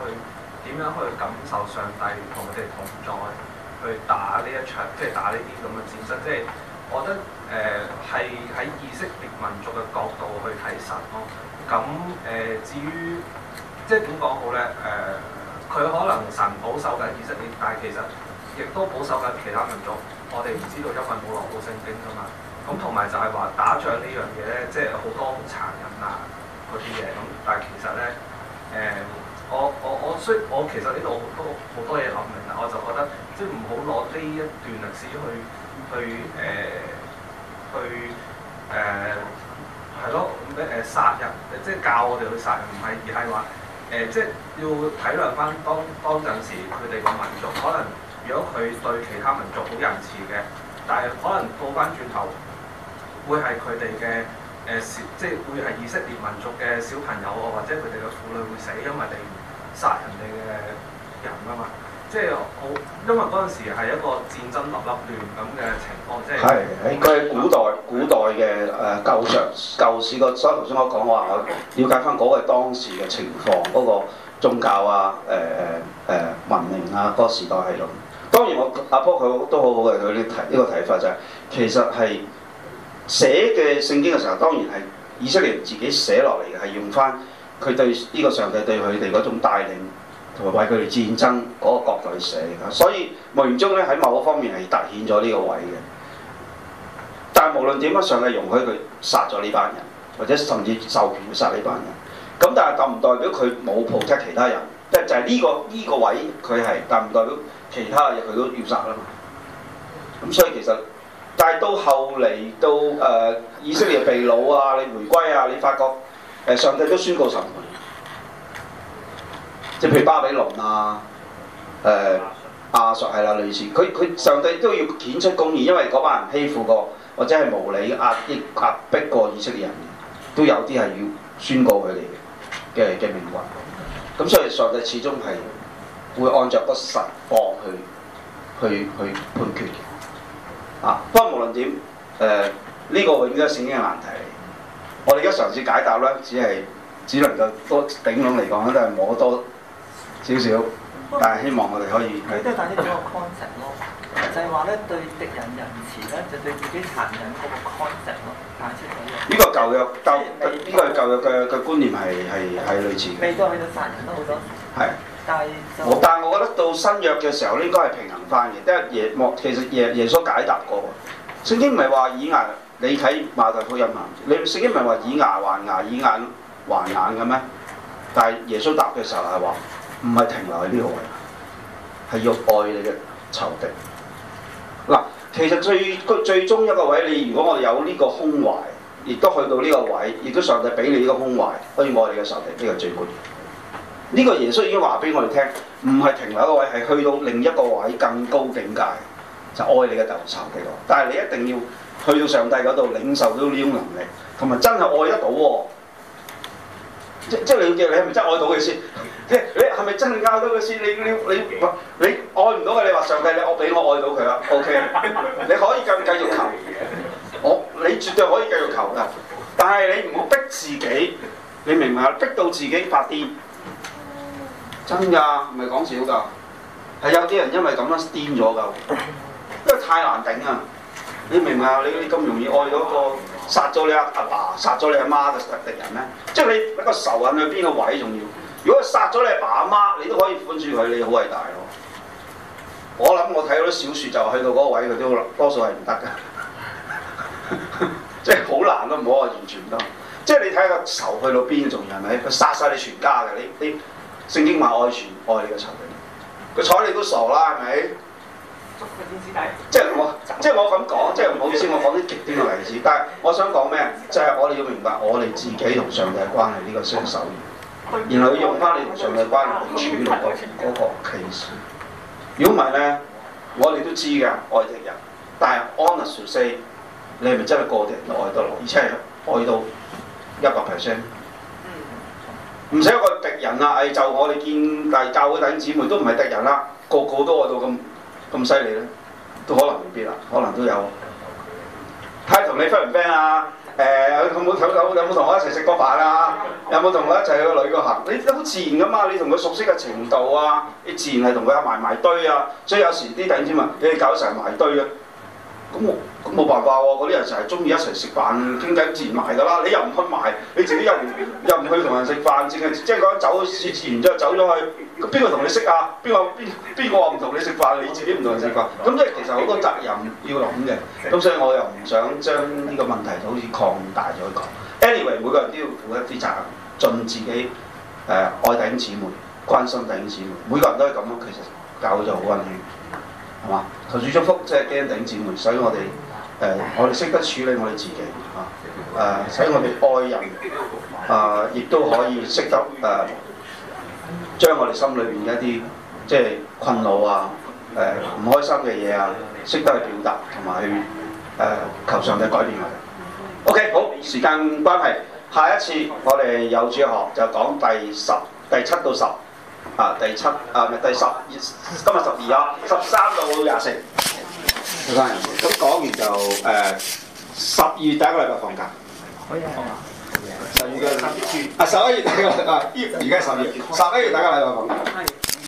點樣去感受上帝同佢哋同在，去打呢一場，即係打呢啲咁嘅戰爭。即係我覺得誒係喺以色列民族嘅角度去睇神囉。咁誒、呃，至於即係點講好咧？誒、呃。佢可能神保守緊以色列，但係其實亦都保守緊其他民族。我哋唔知道因為冇羅布聖經㗎嘛？咁同埋就係話打仗呢樣嘢咧，即係好多好殘忍啊嗰啲嘢。咁但係其實咧，誒、呃、我我我雖我其實呢度好多好多嘢諗明啦。我就覺得即係唔好攞呢一段歷史去去誒、呃、去誒係、呃、咯，誒殺人，即係教我哋去殺人，唔係而係話。誒、呃，即係要體諒翻當當陣時，佢哋個民族可能，如果佢對其他民族好仁慈嘅，但係可能倒翻轉頭，會係佢哋嘅誒即係會係以色列民族嘅小朋友啊，或者佢哋嘅婦女會死，因為你殺人哋嘅人啊嘛。即係我，因為嗰陣時係一個戰爭立立亂咁嘅情況，即係佢的、嗯、古代的古代嘅誒、呃、舊上舊時個。所以頭先我講我話，我了解翻嗰個當時嘅情況，嗰、那個宗教啊、誒誒誒文明啊，嗰、那個時代係點？當然我阿波佢都好好嘅對呢提呢、這個睇法就係、是，其實係寫嘅聖經嘅時候，當然係以色列自己寫落嚟嘅，係用翻佢對呢個上帝對佢哋嗰種帶領。同埋為佢哋戰爭嗰個國度去死啊！所以無形中咧喺某個方面係凸顯咗呢個位嘅。但係無論點樣，上帝容許佢殺咗呢班人，或者甚至授權去殺呢班人。咁但係就唔代表佢冇屠殺其他人，即係就係、是、呢、這個呢、這個位佢係，但唔代表其他嘢佢都要殺啦。咁所以其實，但係到後嚟到誒以色列被擄啊，你回歸啊，你發覺誒、呃、上帝都宣告神。即係譬如巴比倫啊、誒亞述係啦，類似佢佢上帝都要顯出公義，因為嗰班人欺負過，或者係無理壓迫過以色列嘅人，都有啲係要宣告佢哋嘅嘅命運。咁所以上帝始終係會按照個實況去去去判決嘅。啊，不過無論點誒，呢、呃這個永遠都係聖經嘅難題。我哋而家嘗試解答咧，只係只能夠多頂籠嚟講咧，都係摸多少少，但係希望我哋可以。佢都帶啲咗個 concept 咯，就係話咧對敵人仁慈咧，就對自己殘忍嗰個 concept 咯，呢個舊約舊呢個舊約嘅嘅觀念係係係類似嘅。未到去到殺人都好多。係。但係我我覺得到新約嘅時候應該係平衡翻嘅，即係耶莫其實耶耶穌解答過，聖經唔係話以牙，你睇馬太福音啊，你聖經唔係話以牙還牙以眼還眼嘅咩？但係耶穌答嘅時候係話。唔係停留喺呢個位，係要愛你嘅仇敵。嗱，其實最最最終一個位，你如果我有呢個胸懷，亦都去到呢個位，亦都上帝俾你呢個胸懷可以愛你嘅仇敵，呢個最關鍵。呢、呢個耶穌已經話俾我哋聽，唔係停留個位，係去到另一個位更高境界，就是、愛你嘅仇敵。但係你一定要去到上帝嗰度領受到呢種能力，同埋真係愛得到喎、啊。即即係你要叫你係咪真愛到佢先，即係你係咪真係愛到佢先？你你你你，你愛唔到嘅你話上帝你，你我俾我愛到佢啦。OK，你可以咁繼續求我，你絕對可以繼續求噶，但係你唔好逼自己，你明白啦？逼到自己發癲，真㗎，唔係講笑㗎，係有啲人因為咁樣癲咗㗎，因為太難頂啊！你明唔明？你咁容易愛嗰個？殺咗你阿阿爸，殺咗你阿媽嘅敵人咧，即係你、嗰個仇喺去邊個位重要？如果殺咗你阿爸阿媽，你都可以寬恕佢，你好偉大咯！我諗我睇嗰啲小説就去到嗰個位，佢都好多數係唔得嘅，即係好難都唔好話完全唔得。即係你睇下個仇去到邊仲要係咪？佢殺晒你全家嘅，你你聖經話愛全愛你嘅仇人，佢睬你都傻啦，係咪？即係我，即係我咁講，即係唔好意思，我講啲極端嘅例子。但係我想講咩？就係我哋要明白我哋自己同上帝嘅關係呢個雙手，然後要用翻你同上帝關係去處理嗰嗰個歧視。如果唔係咧，我哋都知㗎愛敵人，但係 honest to say 你係咪真係個敵人都愛多羅？而且係愛到一百 percent？唔使一個敵人啊！就我哋見，大教會弟兄姊妹都唔係敵人啦，個個都愛到咁。咁犀利呢，都可能未必啦，可能都有。睇下同你 friend 唔 friend 啊？誒、欸，有冇有冇有冇同我一齊食過飯啊？有冇同我一齊去旅過行？你好自然㗎嘛，你同佢熟悉嘅程度啊，你自然係同佢埋埋堆啊。所以有時啲點知啊，你哋搞成埋堆嘅。咁咁冇辦法喎，嗰啲、啊、人成日中意一齊食飯傾偈，自然埋噶啦。你又唔去埋，你自己又又唔去同人食飯，淨係即係講走試試完之後走咗去，邊個同你識啊？邊個邊邊個話唔同你食飯？你自己唔同人食飯，咁即係其實好多責任要諗嘅。咁所以我又唔想將呢個問題就好似擴大咗去講。anyway，每個人都要負一啲責任，盡自己誒、呃、愛弟兄姊妹、關心弟兄姊妹。每個人都係咁咯，其實教咗就好温馨。係嘛？求主祝福，即係驚頂姊妹，所以我哋誒、呃，我哋識得處理我哋自己嚇，誒、呃，所以我哋愛人誒、呃，亦都可以識得誒、呃，將我哋心裏面嘅一啲即係困惱啊、誒、呃、唔開心嘅嘢啊，識得去表達，同埋去誒、呃、求上帝改變我哋。OK，好，時間關係，下一次我哋有主學就講第十、第七到十。啊！第七啊，唔係第十，二，今日十二啊，十三到廿四。係。咁講完就誒、呃，十二月第一個禮拜放假。可以啊，十二啊。十二月啊，十一月啊，而家係十二月，十一月第一個禮拜放假。